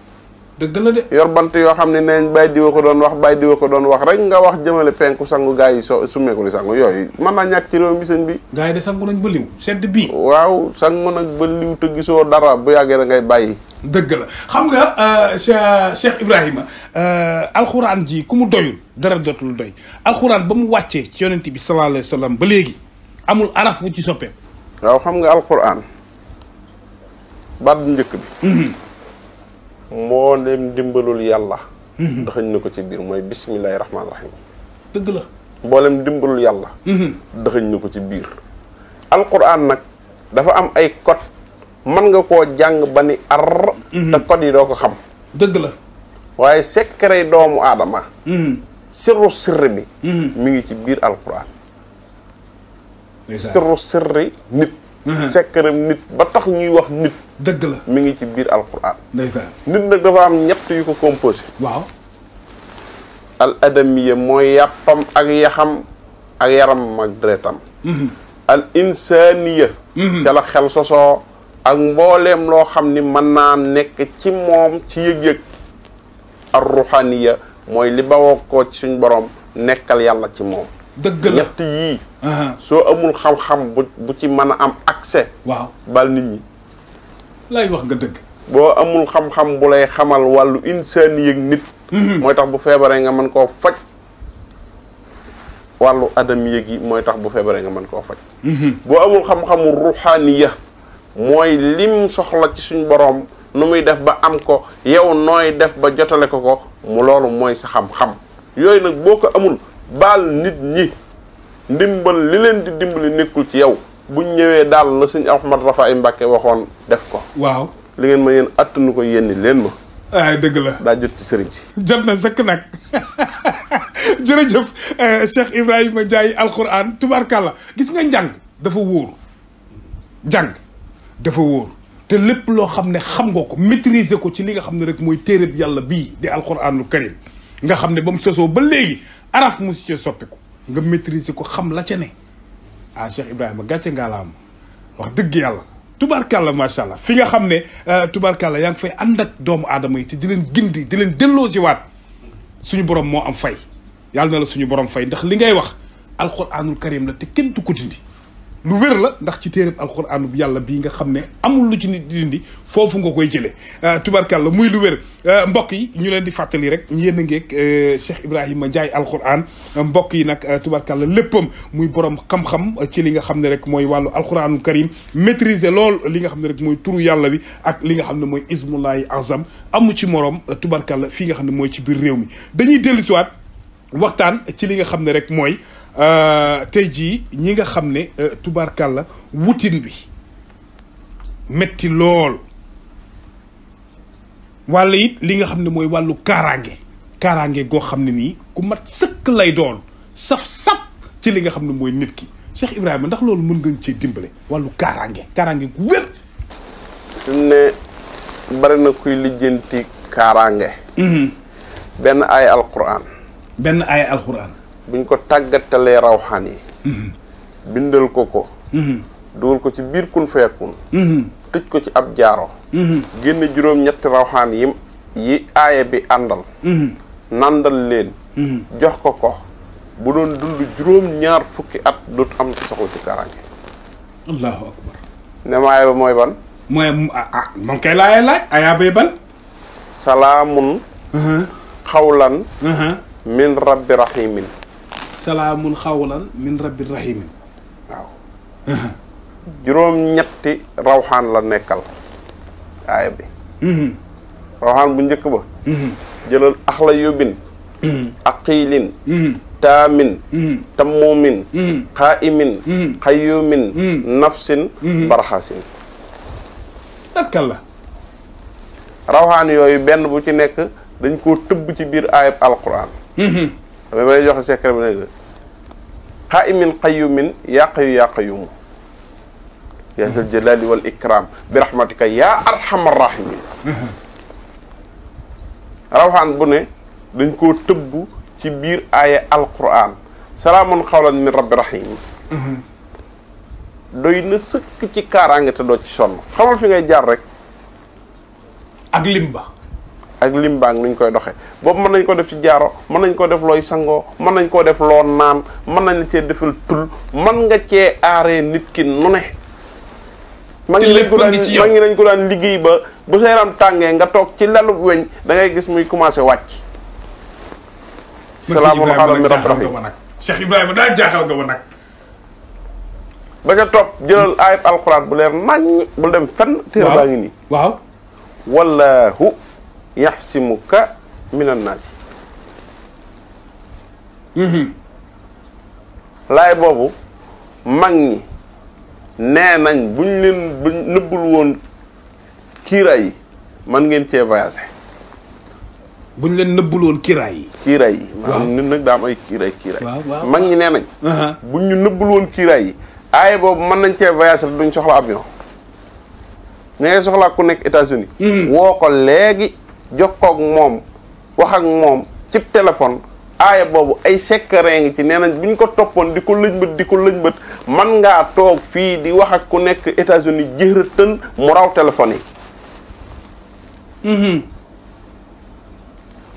dëgg la de yor bant yoo xam ne nañ bàyyi diwa ko doon wax bàyyi diwa ko doon wax rek nga wax jëmale penku sangu gars yi so summeeku di sangu yooyu man naa ñàkk ci réew mi bi
gars yi de sangu nañ ba liw sedd
bii waaw sangu nag ba liw te gisoo dara bu yàggee da ngay bàyyi dëgg la xam
nga euh, Cheikh Ibrahima euh, alxuraan ji ku mu doyul dara dootul doy alxuraan ba mu wàccee ci yonent bi sallallahu lay wa ba léegi amul araf wu ci soppee waaw
xam nga alxuraan
baat bu njëkk bi mhm.
moo dem yàlla. Mhm. dëxëñ na ko ci biir mooy bismillahi rahmaani rahim. dëgg la. mboolem dimbalul yàlla. Mhm. dëxëñ na ko ci biir. alquran nag dafa am ay code mën nga koo jàng ba ni ar. Mhm. te code yi doo ko xam. dëgg la. waaye secret doomu aadama. sirru sirri bi. mi ngi ci biir alquran. sirru sirri nit. Mhm. sekkaram nit ba tax ñuy wax nit dëgg la mu ngi ci biir alquran ndeysaan nit nag dafa am ñett yu ko composé al adamiya mooy yàppam ak yaxam ak yaram ak deretam mhm. al insaniya mhm. ca la xel sosoo ak mbooleem loo xam ni mën naa nekk ci moom ci yëg-yëg ar ruhaniya mooy li bawoo ko ci suñ borom nekkal yàlla ci moom ñett yii Uh-huh. soo amul xam-xam bu ci mën a am accès. waaw bal nit ñi. lay wax nga dëgg. boo amul xam-xam bu lay xamal wàllu insaan yëg nit. Mm-hmm. mooy tax bu feebaree nga mën koo faj. wàllu adam yëg yi mooy tax bu feebaree mën koo faj. Mm-hmm. boo amul xam-xamu ruxaaniya mooy lim soxla ci suñu boroom nu muy def ba am ko yow nooy def ba jotale ko ko mu loolu mooy sa xam-xam yooyu nag boo ko amul baal nit ñi. ndimbal li leen di dimbali nekkul ci yow buñ ñëwee daal la suñ suñu Ahmad Rafa ay Mbàkke waxoon def ko waaw li ngeen ma yéen attanu ko yénni leen ma ay eh, dëgg la daa jot ci sëriñ si
jot na sëkk nag jërëjëf eh, Cheikh Ibrahima Ndiaye alquran tubaarkàlla gis nga njàng dafa wóor njàng dafa wóor te lépp loo xam ne xam nga ko maîtriser ko ci li nga xam ne rek mooy téereb yàlla bii di alquranul karim nga xam ne ba mu sosoo ba léegi araf mu si cee soppiku nga maîtriser ko xam la ca ne ah Cheikh Ibrahima gàcce ngaalaam wax dëgg yàlla tubaarkàlla macha allah fi nga xam ne euh, tubaarkàlla yaa ngi fay ànd ak doomu aadama yi te di leen gindi di leen delloosi waat suñu borom moo am fay yàlla na la suñu borom fay ndax li ngay wax alxuraanul karim la te kenn du ko dindi lu wér la ndax ci téereb alquran bu yàlla bii nga xam ne amul lu ci nit di dindi foofu nga koy jëlee euh, la muy lu wér euh, mbokk yi ñu leen di fàttali rek yéen a ngeeg euh, Cheikh Ibrahima Ndiaye alquran mbokk yi nag la léppam muy borom xam-xam ci li nga xam ne rek mooy wàllu alquranu karim maîtriser lool li nga xam ne rek mooy turu yàlla bi ak li nga xam ne mooy ismullahi azam amu ci morom la fi nga xam ne mooy ci biir réew mi dañuy dellusiwaat waxtaan ci li nga xam ne rek mooy Euh, tey jii ñi nga xam ne euh, la wutin bi metti lool wàll it li nga xam ne mooy wàllu kaaraange kaaraange goo xam ne nii ku mat sëkk lay doon saf-saf ci li nga xam ne mooy nit ki Cheikh Ibrahima ndax loolu mën nga ci dimbale wàllu kaaraange kaaraange gu wér
fi mu ne bari na kuy lijjanti kaaraange mhm. benn aaya alquran
benn aaya alquran
buñ ko tàggatalee rawxaan yi mhm. bindal ko ko mhm. dugal ko ci biir kun fayakun mhm. ko ci ab jaaro génn juróom ñetti rawxaan yi yi bi àndal nàndal leen jox ko ko bu doon dund juróom ñaar fukki at dut am soxla ci kaaraange
allahu akbar
ne maaya mooy ban mooy ah, ah moom kay laaya laaj aaya bay ban salaamun uh-huh. xawlan uh-huh. min rabbi rahimin
salaamun xawlan min rabbir rahimin
juróom-ñetti rawxaan la nekkal aaya bi mhm. bu njëkk ba mhm. jëlal axla yóbbin mhm. taamin tammuumin xaa'imin xayyuumin nafsin barxasin dakkal la rawxaan yooyu benn bu ci nekk dañ ko tëbb ci biir aayab alquran xam nga may joxe secret bi nag qaa'imin qayyumin yaa qayyu yaa qayyumu yaa zal jalali wal ikram bi rahmatika yaa arhamar rahimin rawxaan bu ne dañ koo tëbb ci biir aaya alquran salaamun xawlan min rabbi rahim doy na sëkk ci kaaraange te doo ci sonn xamal fi ngay jaar rek ak limba ak lim baang nuñ koy doxee boobu mën nañ koo def ci jaaro mën nañ koo def looy sangoo mën nañ koo def loo naan mën nañ la cee defal tul mën nga cee aaree nit ki nu ne ma ngi nañ ko daan liggéey ba bu sa yaram tàngee nga toog ci lalu weñ da ngay gis muy commencé wàcc
salaamun alam mi rabbil alamin Cheikh Ibrahima daal jaaxal nga ma nag
ba ca topp jëlal ayat alquran bu leer naññ bul dem fenn téere baa ngi nii waaw wallahu yaxsimuka min annaasi mhm. laay boobu mag ñi nee nañ buñ leen buñ nëbbul woon kiiraay yi man ngeen cee voyagé
buñ leen nëbbul woon kiiraay yi
kiiraay yi maanaam nit daa am ay kiiraay kiiraay mag ñi nee nañ buñ ñu nëbbul woon kiiraay yi aaye boobu mën nañ cee voyagé duñ soxla avion ne ngay soxlaa ku nekk États-Unis mhm. woo ko léegi jox kook moom wax ak moom cib téléphone aaya boobu ay secret ngi ci nee nañ bu ñu ko toppoon di ko lëñbët di ko lëñbët man ngaa toog fii di wax ak ku nekk États-Unis jëra mu raw téléphone yi mm-hmm.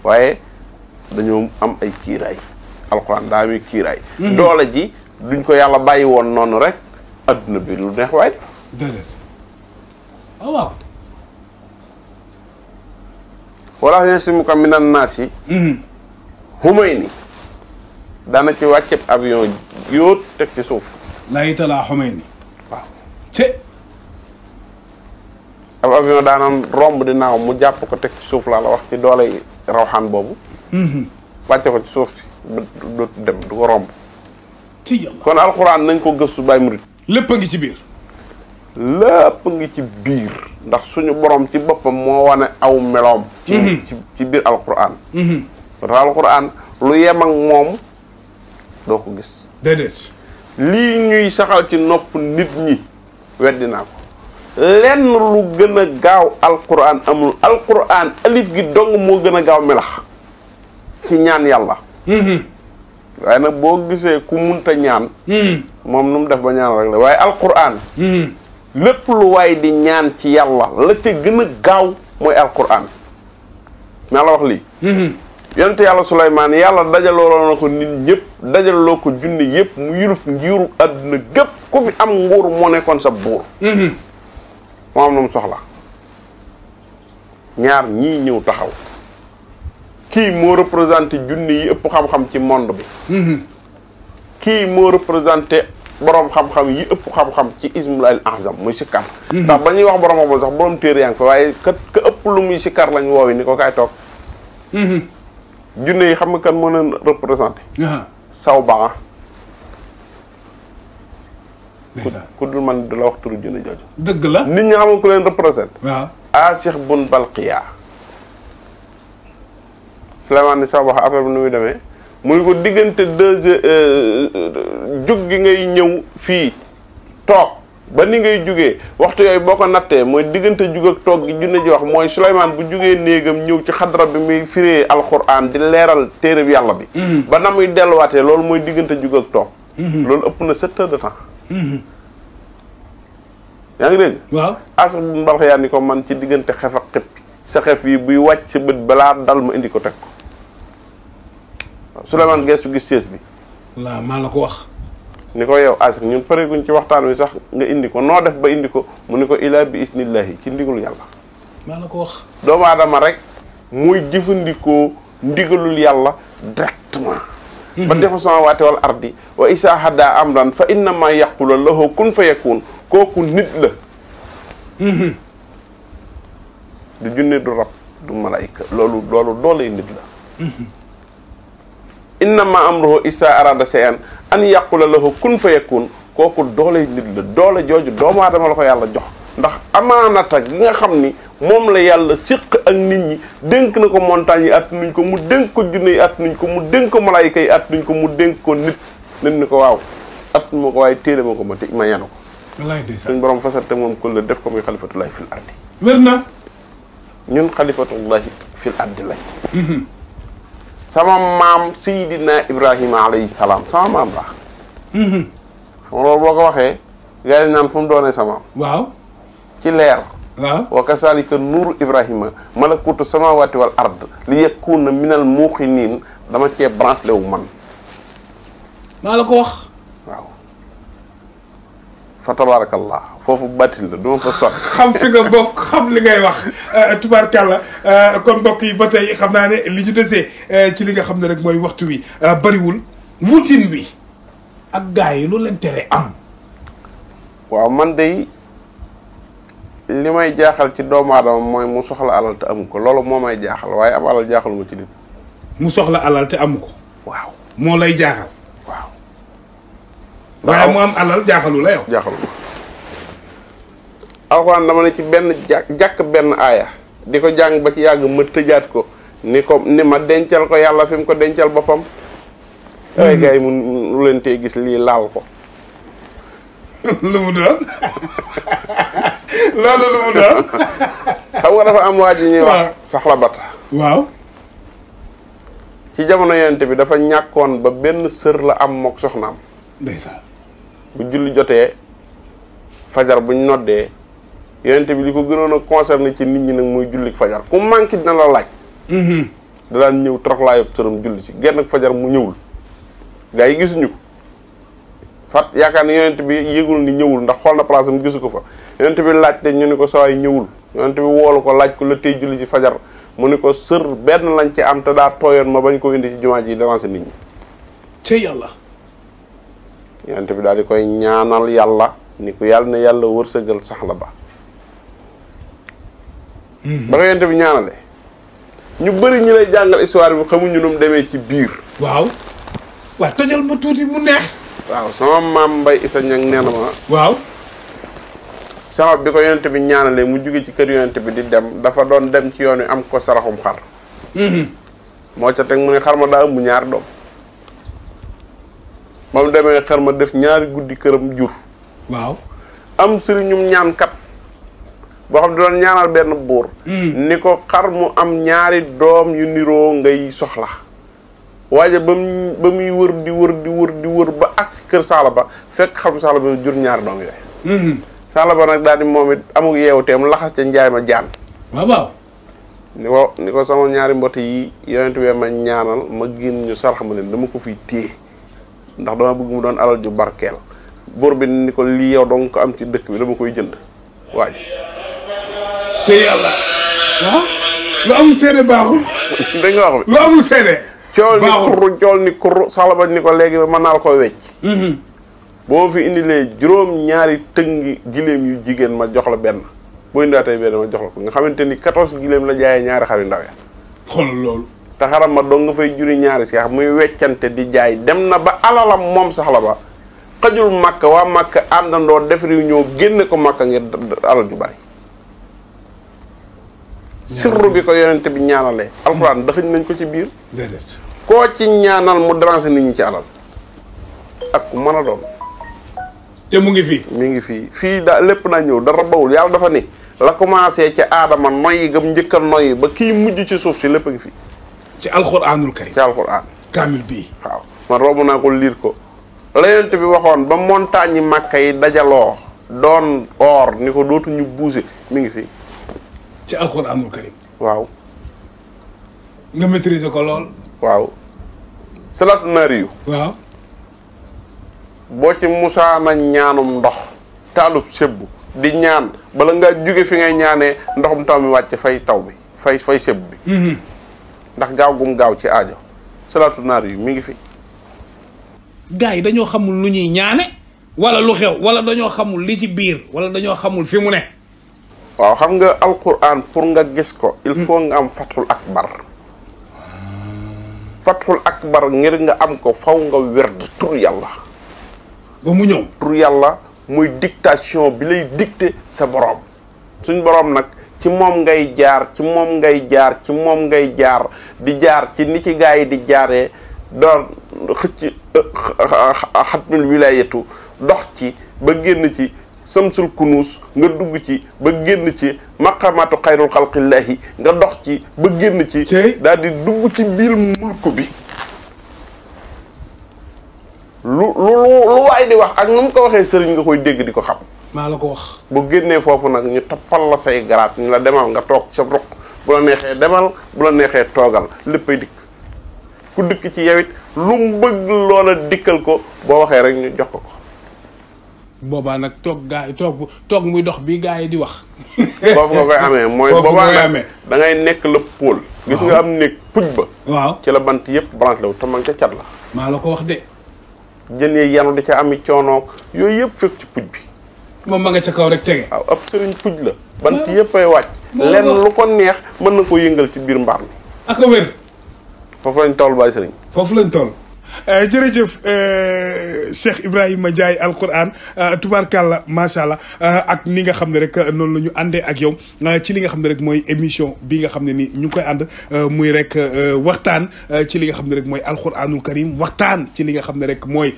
waaye dañoo am ay kiiraay alxuraan daa muy kiiraay mm-hmm. doole ji duñ ko yàlla bàyyi woon noonu rek àdduna bi lu neex waaye def wala yansimuka minan naas yi xumayni mm-hmm. daana ci wàcceb avion yóot teg ci suuf
laytalaa xumayni waaw
ci ab avion daanam romb di naaw mu jàpp ko teg ci suuf laa la wax ci doole rawxaan boobu mm-hmm. wàcce ko ci suuf si dootu dem du ko romb ci kon alxuraan nañ ko gëstu bàyyi murit lépp a ngi ci biir lépp a ngi ci biir ndax suñu boroom ci boppam moo wane aw meloom ci mhm. ci biir alquran parce mhm. que alquran lu yem moom doo ko gis déedéet lii ñuy saxal ci nopp nit ñi weddi naa ko lenn lu gën a gaaw alquran amul alquran alif gi dong moo gën a gaaw melax ci ñaan yàlla mhm. waaye nag boo gisee ku munta ñaan moom nu mu def ba ñaan rek la waaye lépp lu waaye di ñaan ci yàlla la ca gën a gaaw mooy alquran maa la wax lii hmm. yonent yàlla Souleymane yàlla dajaloo na ko nit ñëpp dajaloo ko junne yëpp mu yuluf njiiru àdduna gépp ku fi am nguur moo nekkoon sa buur hmm. moo am na mu soxla ñaar ñii ñëw taxaw kii moo représenté junne yi ëpp xam-xam ci monde bi hmm. kii moo représenté borom xam-xam yi ëpp xam-xam ci ismul al azam muy sikkar mhm. ndax ba ñuy wax borom a xam sax borom téere yaa ngi fa waaye ka ëpp lu muy sikkar lañ woowi ni ko kaay toog mhm. junne yi xam nga kan mën a saw baa ku dul man di la la nit ñi xam nga leen représenté waaw asix bun balqiya Souleymane ni saw baa affaire nu muy demee mu ngi ko diggante deux euh, jug gi ngay ñëw fii toog ba ni ngay jugee waxtu yooyu boo ko nattee mooy diggante jug ak toog gi junne ji wax mooy Souleymane bu jugee néegam ñëw ci xadra bi muy firee alxuraan di leeral téere bi yàlla bi mm-hmm. ba na muy delluwaatee loolu mooy diggante jug ak toog mm-hmm. loolu ëpp na sept heures de temps mm-hmm. yaa ngi dégg waaw bu mbalx ni ko man ci diggante xef ak xëpp sa xef yi buy wàcc sa bët balaa dal ma indi ko teg ko Souleymane gestu gis sées bi.
waaw maa la ko wax.
ni ko yow Asic ñun pareeguñ ci waxtaan wi sax nga indi ko noo def ba indi ko mu ne ko ilaa bi isnillahi ci ndigalu yàlla. maa la ko wax. doomu aadama rek muy jëfandikoo ndigalul yàlla directement. Mhm. ba defu sama waate wal ardi wa isaa hada amran fa innama yaqulu lahu kun fa yakun kooku nit la. Mhm. du junne du rab du malaayka loolu loolu nit la. Mhm. ma am amruhu isa arada shay'an an la lahu kun fayakun kooku doole nit la doole jooju doomu aadama la ko yàlla jox ndax amaanata gi nga xam ni moom la yàlla siq ak nit ñi dénk na ko montagne yi at nuñ ko mu dénk ko junne yi at nuñ ko mu dénk ko malaayika yi at nuñ ko mu dénk ko nit nit ni ko waaw at ma ko waaye téere ma ko ma ma yenu
ko wallaay
de suñ borom fasante moom ko la def ko muy xalifatullahi fi ardi wér na ñun xalifatullahi fil ardi sama maam Seydina Ibrahima alayhi salaam sama maam la. xam mhm. loolu boo ko waxee. gars naan fu mu doonee sama maam. waaw. ci leer. waaw wa kasalika nuuru Ibrahima sama samawati wal ard li yakuna minal muuqinin dama cee branché wu man.
maa la ko wax.
fa tabarakallah foofu bàttil la duma fa xam fi nga
bokk xam li ngay wax euh, tubaarkàlla euh, kon mbokk yi ba tey xam naa ne li ñu desee euh, ci li nga xam rek mooy waxtu wi bariwul wutin bi ak gars yi lu leen tere am waaw man day
li jaaxal ci doomu aadama mooy mu soxla alal te ko loolu moo jaaxal
waaye am alal jaaxaluma ci nit mu soxla alal te amu ko waaw moo lay jaaxal waaw waaye mu am alal jaaxalu la yow. jaaxalu
alxuraan dama ne ci benn jàkk benn aaya di ko jàng ba ci yàgg ma tëjaat ko ni ko ni ma dencal ko yàlla fim ko dencal boppam. Hmm. ay gars mu lu leen tee gis lii laal ko.
lu mu doon
xam nga dafa am waa ji ñuy wax saxla bata waaw. ci jamono yonent bi dafa ñàkkoon ba benn sër la am mook soxnaam. bu julli jotee fajar buñ noddee yonente bi li ko gënoon a concerné ci nit ñi nag muy jullik fajar ku manqué dina la laaj mhm. da daan ñëw toroxlaayab sëram julli ci genn fajar mu ñëwul gaa yi gisuñu ko fat yaakaar ne yonent bi yëgul ni ñëwul ndax xool na place am gisu ko fa yonent bi laaj te ñu ni ko sawaay ñëwul yonent bi woolu ko laaj ko la tey julli ci fajar mu ne ko sër benn lañ ci am te daa tooyoon ma bañ ko indi ci jumaa ji déranger nit ñi cey yàlla yonent bi daal di koy ñaanal yàlla ni ko yàlla na yàlla wërsëgal saxla ba hmm. ba ko yonent bi ñaanale ñu bëri ñi lay jàngal histoire bi xamuñu nu demee ci biir waaw
waaw tojal ma tuuti mu neex
waaw sama maam Mbay Isa Ñang nee na ma waaw sama bi ko yonent bi ñaanale mu jóge ci kër yonent bi di dem dafa doon dem ci yoon wi am ko saraxum xar hmm. moo ca teg mu ne xar ma daa ëmb ñaar doom ba mu demee xar ma def ñaari guddi këram jur. waaw am sëriñum ñaankat boo xam ne doon ñaanal benn buur. Hmm. ni ko xar mu am ñaari doom yu niroo ngay soxla. waaye ba mu ba muy wër di wër di wër di wër ba ak kër saala ba fekk xar mu saala ba jur ñaari doom yooyu. Hmm. saala ba nag daal di moom it amul yeewuteem laxas ca njaay ma jaan. waaw waaw. ni ko ni ko sama ñaari mbott yi yonent wee ma ñaanal ma génn ñu sarax ma leen dama ko fiy téye. ndax dama bëgg mu doon alal ju barkeel buur bi ni ko lii yow dong ko am ci dëkk bi la ma koy jënd waaj ci yàlla waaw ah? lu amul seede baaxul lu amul seede cool ni kurru cool ni kurru saxla ba ni ko léegi mën naa ko koy wecc mm-hmm. boo fi indilee juróom ñaari tëngi giléem yu jigéen ma jox la benn boo indiwaatee benn ma jox la ko nga xamante ni quatorze giléem la jaayee ñaari xar yu ndaw ya loolu te xaram ma doo nga fay juri ñaari seex muy weccante di jaay dem na ba alalam moom sax la ba xajul màkk waa màkk àndandoo def réunion génne ko màkk ngir alal ju bari sirru bi ko yonent bi ñaanalee alxuraan hmm. daxañ nañ ko ci biir koo ci ñaanal mu dérangé nit ñi ci alal ak ku mën a doon te mu ngi fii mu ngi fii fii da lépp naa ñëw dara bawul yàlla dafa ni la commencé ci aadama noyyi gëm njëkk noyyi ba kii mujj ci suuf si lépp a ngi fii ci alxuraanul karim ci alxuraan kaamil bii waaw man romb naa ko liir ko la yonent bi waxoon ba montagne yi màkka yi dajaloo doon or ni ko dootuñu buuse mi ngi fi
ci alxuraanul
karim waaw nga maîtriser ko lool waaw salaatu naari waaw boo ci musaana ñaanum ndox taalub sebu di ñaan bala ngaa jóge fi ngay ñaanee ndoxum taw mi wàcc fay taw bi fay fay sëb bi mm-hmm. ndax gaaw gum gaaw ci aajo salaatu naar yu mi ngi fi.
gars yi dañoo xamul lu ñuy ñaane wala lu xew wala dañoo xamul li ci biir wala dañoo xamul fi mu ne.
waaw xam nga alquran pour nga gis ko. il hmm. faut nga am fathul akbar. fathul akbar ngir nga am ko faw nga werd tur yàlla. ba mu ñëw tur yàlla muy dictation bi lay dicté sa borom. suñ borom nag. ci moom ngay jaar ci moom ngay jaar ci moom ngay jaar di jaar ci ni ci gaa yi di jaaree door xëcc xatmul wilayatu dox ci ba génn ci samsul kunuus nga dugg ci ba génn ci maqamaatu xayrul xalqillahi nga dox ci ba génn ci daal di dugg ci biir mulku bi lu lu lu waay di wax ak nu mu ko waxee sëriñ nga koy dégg di ko xam maa la ko wax. bu génnee foofu nag ñu toppal la say garaat ñu la demal nga toog sa ruq bu la neexee demal bu la neexee toogal lépp dikk ku dikk ci yewit lu mu loola dikkal ko boo waxee rek ñu jox ko ko.
boobaa nag toog gaa toog muy dox bi gaa yi di wax.
foofu nga koy amee mooy. boobaa nag nekk la pôle. gis nga am nekk puj ba. waaw ci la bant yëpp branché wu te man ca cat la.
maa la ko wax de.
jën yi yanu di ca ami coonoog yooyu yëpp fekk ci puj bi.
moom ma nga ca kaw rek tege. waaw ab sëriñ puj la. bant
yëppay wàcc. lenn lu ko neex mën na ko yëngal ci biir mbaar mi. ak a wér. foofu lañ toll bàyyi sëriñ.
foofu lañ toll. Euh, jërëjëf euh, Cheikh Ibrahima Ndiaye alquran euh, tubaarkàlla macha allah ak ni nga xam ne rek noonu la ñu àndee ak yow ci li nga xam ne rek mooy émission bi nga xam ne ni ñu koy ànd muy rek waxtaan ci li nga xam ne rek mooy alquranul karim waxtaan ci li nga xam ne rek mooy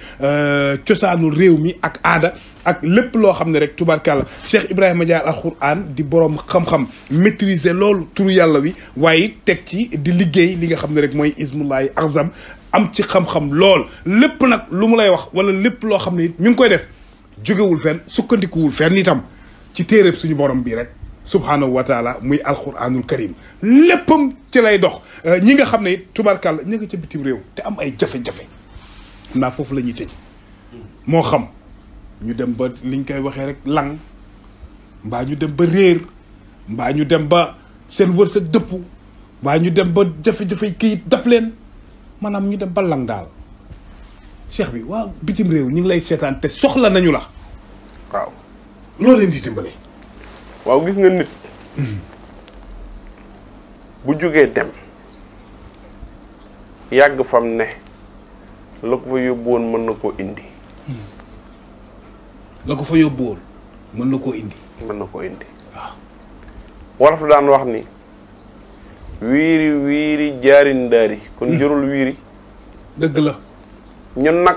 cosaanu réew mi ak aada. ak lépp loo xam ne rek tubarkàlla Cheikh Ibrahima Ndiaye al Quran di borom xam-xam maîtriser loolu turu yàlla wi waaye teg ci di liggéey li nga xam ne rek mooy ismullahi azam am ci xam-xam lool lépp nag lu mu lay wax wala lépp loo xam ne it mi ngi koy def jógewul fenn sukkandikuwul fenn itam ci téeréb suñu borom bii rek subhaanahu wa taala muy alquranul karim léppam ci lay dox euh, ñi nga xam ne it tubarkàlla ñu ngi ca bitim réew te am ay jafe-jafe naa foofu la ñuy tëj moo xam ñu dem ba liñ koy waxee rek lang mbaa ñu dem ba réer mbaa ñu dem ba seen wërsëg dëpp mbaa ñu dem ba jafe-jafe kii dab leen maanaam ñu dem ballang daal cheikh bi waaw bitim réew ñu ngi lay seetaan te soxla nañu la waaw loolu waaw gis nga nit hmm. bu jógee
yàgg fam ne la mën na koo indi
hmm.
ko fa mën na koo indi mën na koo indi ah. wolof daan wax ni wiiri wiiri jaarindaari kon hmm. jërul wiiri dëgg la ñun nag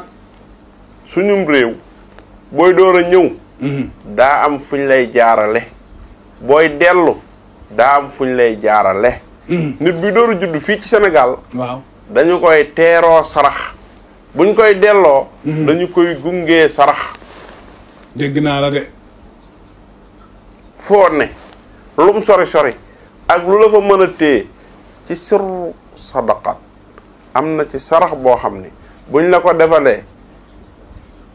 suñum réew booy door a ñëw hmm. daa am fuñ lay jaarale booy dellu daa am fuñ lay jaarale hmm. nit bi door a fii ci Sénégal waaw dañu koy teeroo sarax buñ koy delloo dañu koy gungee sarax dégg naa la de foo ne lum sori sori ak lu la ko mën a téye ci sirru sadaqat am na ci sarax boo xam ne buñ la ko defalee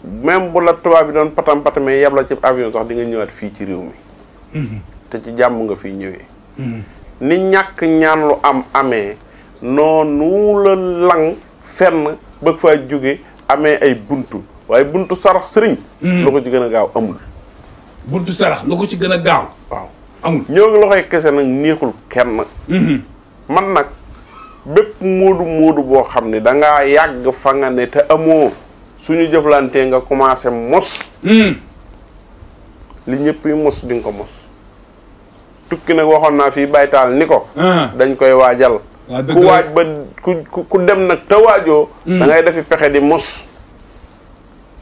même bu la tubaab bi doon patam patamee yeb la ci avion sax di nga ñëwaat fii ci réew mi mm-hmm. te ci jàmm nga fiy ñëwee mm-hmm. ni ñàkk ñaan lu am amee noonu la lang fenn bëgg faa jóge amee ay buntu waaye buntu sarax sëriñ mm-hmm. lu ko ci gën a gaaw amul
buntu sarax lu ko ci gën a gaaw
waaw amul ñoo ngi loxoy kese nag neexul kenn man nag bépp moodu moodu boo xam ne da ngaa yàgg fa nga ne te amoo suñu jëflantee nga commencé mos. Hmm. li ñëpp yi mos di ko mos. tukki nag waxoon naa fi baytaal ni ko. Ah. dañ koy waajal. ku waaj ba ku dem nag te waajoo. Hmm. da defi pexe di mos.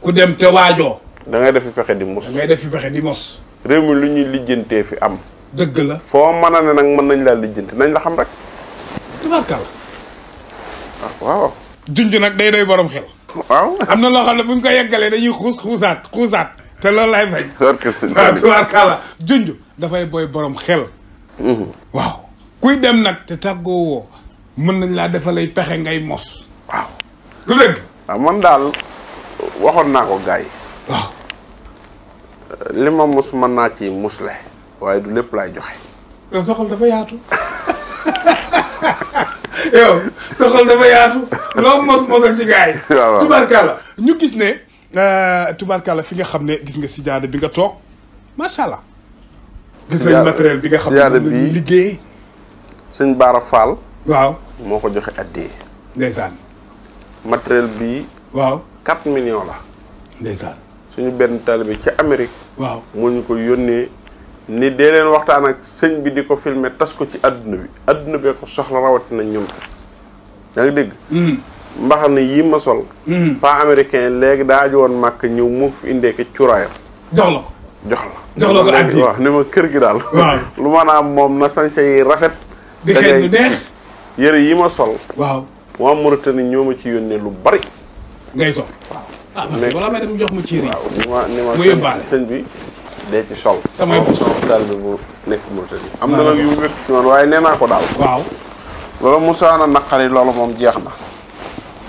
ku dem te waajoo. da ngay defi di mos. da ngay defi pexe di mos. réew mi lu ñuy lijjantee fi am. dëgg la foo mën a ne nag mën nañ laa lijjanti nañ la xam rek.
tubaarkàlla. ah waaw. junj nag day doy borom xel. waaw am na loo xam ne bu ñu ko yeggalee dañuy xuus xuusaat xuusaat te loolu laay bañ.
waaw tubaarkàlla
junj dafay booy boroom xel. Mm-hmm. waaw kuy dem nag te tàggoo woo mën nañ laa defalay pexe ngay mos. waaw. lu dëgg. waaw ah, man daal
waxoon naa ko gars yi. waaw. li ma mus mën naa ci musle
waaye du lépp laay joxe. soxal dafa yaatu. yow sa xol dafa yaatu loo mos mosal ci gars yi. waaw tubarkalla ñu gis ne euh, tubarkalla fi nga xam ne gis nga si jaada bi nga toog macha allah. gis nañ matériel bi nga xam ne moom la ñuy
liggéey. sëñ Baara Fall. waaw moo ko joxe addee. ndeysaan. matériel bi waaw 4 millions la. ndeysaan. suñu benn taalibe ci Amérique. waaw moo ñu ko yónnee. ni dee leen waxtaan ak sëñ bi di ko filmer tas ko ci àdduna bi àdduna bee ko soxla rawatina ñun yaa ngi dégg hmm. mbaxana yi ma sol hmm. pas américain léegi daa aju woon màkk ñëw mu fi indee ke cuuraayam jox la jox
la jox la
ko ni ma kër gi daal waaw lu ma naan moom na sañse yi rafet di xeet du yi ma sol waaw waa Mauritanie ñoo ma ci yónnee lu bari ngay sol waaw
ah man balaa may jox ma ci
sëñ bi dee ci sol. samay bés daal bu nekk Mauritanie. am na nag waaye nee naa ko daal. waaw. loolu moom jeex na.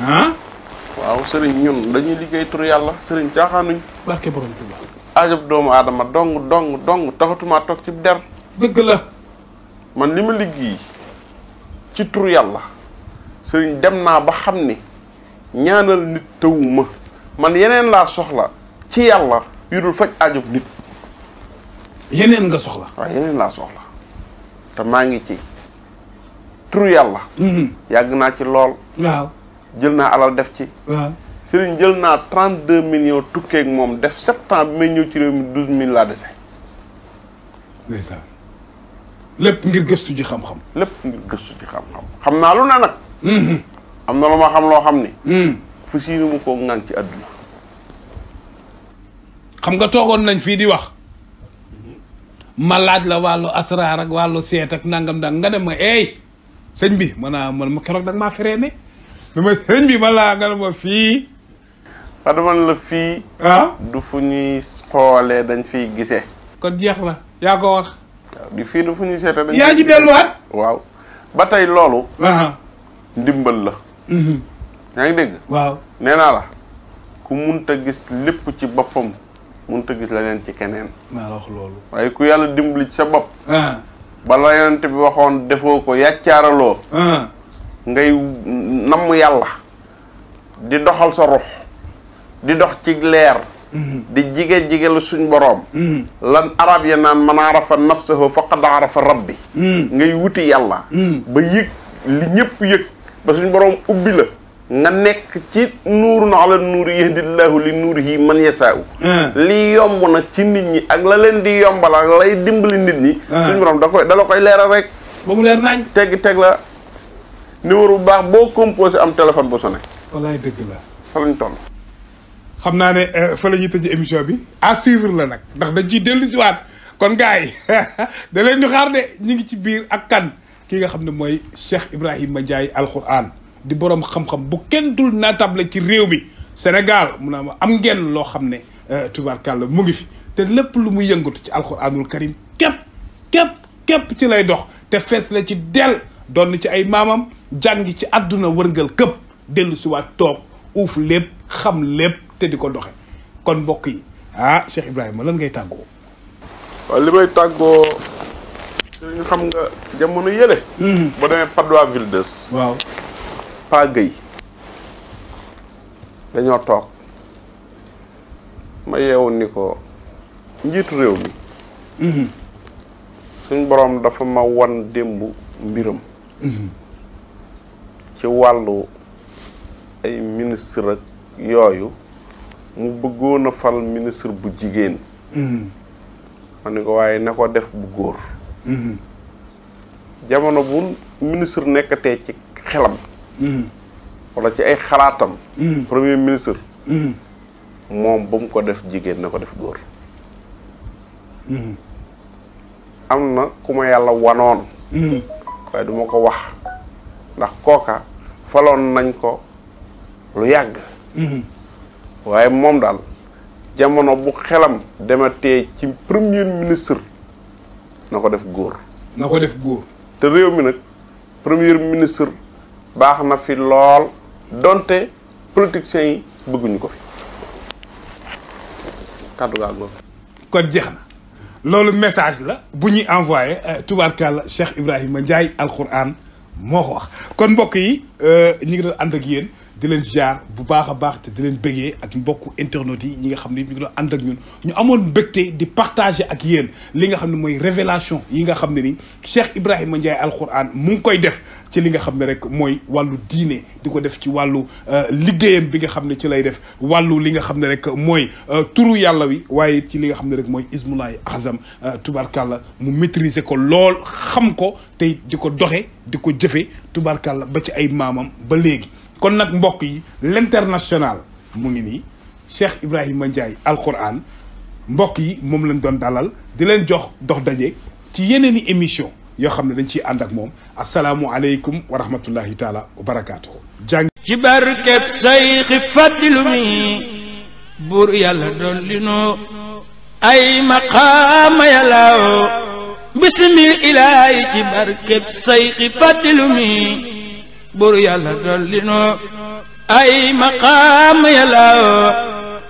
ah. waaw sëriñ ñun dañuy liggéey tur yàlla sëriñ caaxaanuñ. barke borom doomu aadama dong dong dong taxatumaa toog ci der. dëgg la. man li ma liggéey ci tur yàlla sëriñ dem naa ba xam ni ñaanal nit tëwuma man yeneen laa soxla ci yàlla yu dul faj ajab nit. yeneen nga soxla. waaw yeneen laa soxla te maa ngi ci turu yàlla. Mm-hmm. yàgg naa ci lool. jël naa alal def ci. waaw Serigne jël naa trent deux millions tukkeeg moom def sept ans bi may ñëw ci réew mi douze mille laa dese.
ndeysaan lépp ngir gëstu ci xam-xam. lépp ngir gëstu ji xam
naa lu ne nag. Mm-hmm. am na lu ma xam loo xam ni. Mm. fu siinu mu ko ngaan ci àdduna.
xam nga toogoon nañ fii di wax. ma laaj la wàllu asraar ak wàllu seet ak nangam dang nga eey sëñ bi ma naa man ma keroog da nga maa fereeme bi ma sëñ bi ma laa nga ne fii
fii man la fii ah? du fu ñuy xoolee dañ fiy gise kon jeex la yaa ko wax di fii du fu ñuy seete dañ yaa ci delluwaat waaw ba tey loolu ndimbal la mhm. yaa ngi dégg waaw nee la ku munta gis lépp ci boppam mënut a gis leneen ci keneen.
maa loolu.
waaye ku yàlla dimbali ci sa bopp. Ah. bala yonent bi waxoon defoo ko yàccaaraloo. Ah. ngay namm yàlla. di doxal sa ruux. di dox ci leer. Mm-hmm. di jige jigelu suñ boroom. Mm-hmm. lan arab ya naan man arafa nafsahu faqad arafa rabbi. Mm-hmm. ngay wuti yàlla. ba yëg li ñëpp yëg ba suñ boroom ubbi la. na nekk ci nuurun ala nuuri yahdillahu li nuurihi man yasaau eh. lii yomb na ci nit ñi ak la leen di yombal ak lay dimbali nit ñi eh. suñu borom da koy da koy leeral rek ba mu leer nañ teg teg la numéro bu baax boo composé am téléphone bu sonné
wallaay dëgg la fa lañ naa ne eh, fa la ñuy tëj émission bi à suivre la nag ndax dañ ci dellu siwaat kon gars yi da leen ñu xaar de ñu ngi ci biir ak kan ki nga xam ne mooy Cheikh Ibrahima Ndiaye alquran di boroom xam-xam bu kenn dul naatable ci réew bi Sénégal mun naa ma am ngeen loo xam ne euh, tubaarkàlla mu ngi fi te lépp lu muy yëngatu ci alxuraanul karim képp képp képp ci lay dox te fees la ci del doon ci ay maamam jàngi ci àdduna wërngal këpp dellu si waat toog uuf lépp xam lépp te di ko doxe kon mbokk yi ah Cheikh Ibrahima lan ngay tàggoo
waaw li may tàggoo ñu xam nga jamono yële hmm. ba demee Padoa Ville 2 waaw Pa yi dañoo toog ma yeewu ni ko njiitu réew mi mm-hmm. suñ boroom dafa ma wan démb mbiram mm-hmm. ci wàllu ay ministre ak yooyu mu bëggoon a fal ministre bu jigéen mm-hmm. ma ni ko waaye na ko def bu góor jamono bu ministre nekkatee ci xelam walla ci ay xalaatam. Mm. premier ministre. Mm. moom bu mu ko def jigéen na ko def góor. Mm. am na ku ma yàlla wanoon. waaye duma ko wax ndax kooka faloon nañ ko lu yàgg. waaye moom daal jamono bu xelam dematee ci premier ministre na ko def góor. na ko def góor. te réew mi nag premier ministre. baax na fi lool donte politiciens yi bëgguñu ko fi
kon jeex na loolu message la bu ñuy envoyé euh, tubaarkàlla Cheikh Ibrahima Ndiaye alquran moo ko wax kon mbokk yi euh, ñu ngi doon ànd ak yéen. di leen ziar bu baax a baax te di leen bëggee ak mbokku internautes yi ñi nga xam ne mu ngi doon ànd ak ñun ñu amoon mbégte di partager ak yéen li nga xam ne mooy révélation yi nga xam ne ni Cheikh Ibrahima Ndiaye Al Quran mu ngi koy def ci li nga xam ne rek mooy wàllu diine di ko def ci wàllu euh, liggéeyam bi nga xam ne ci lay def wàllu li nga xam ne rek mooy euh, turu yàlla wi waaye ci li nga xam ne rek mooy ismulaay azam euh, tubarkàlla mu maîtriser ko lool xam ko tey di ko doxe di ko jëfe tubarkàlla ba ci ay maamam ba léegi kon nag mbokk yi l'international mu ngi nii Cheikh Ibrahima Ndiaye alquran mbokk yi moom lañ doon dalal di leen jox dox daje ci yeneen i émission yoo xam ne dañ ci ànd ak moom asalaamualeykum aleykum rahmatullahi taala wa barakaatu. jàng ci barkeb sayxi faddilu mi buur yàlla dolli noo ay maqaama yàllaaw bismil ilaahi ci barkeb sayxi faddilu mi buru yàlla dolli noo ay maqaam yàlla woo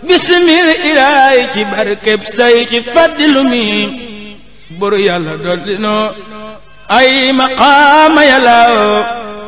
bismil ilaahi ci say ci faddilu mi buru yàlla dolli noo ay maqaam yàlla woo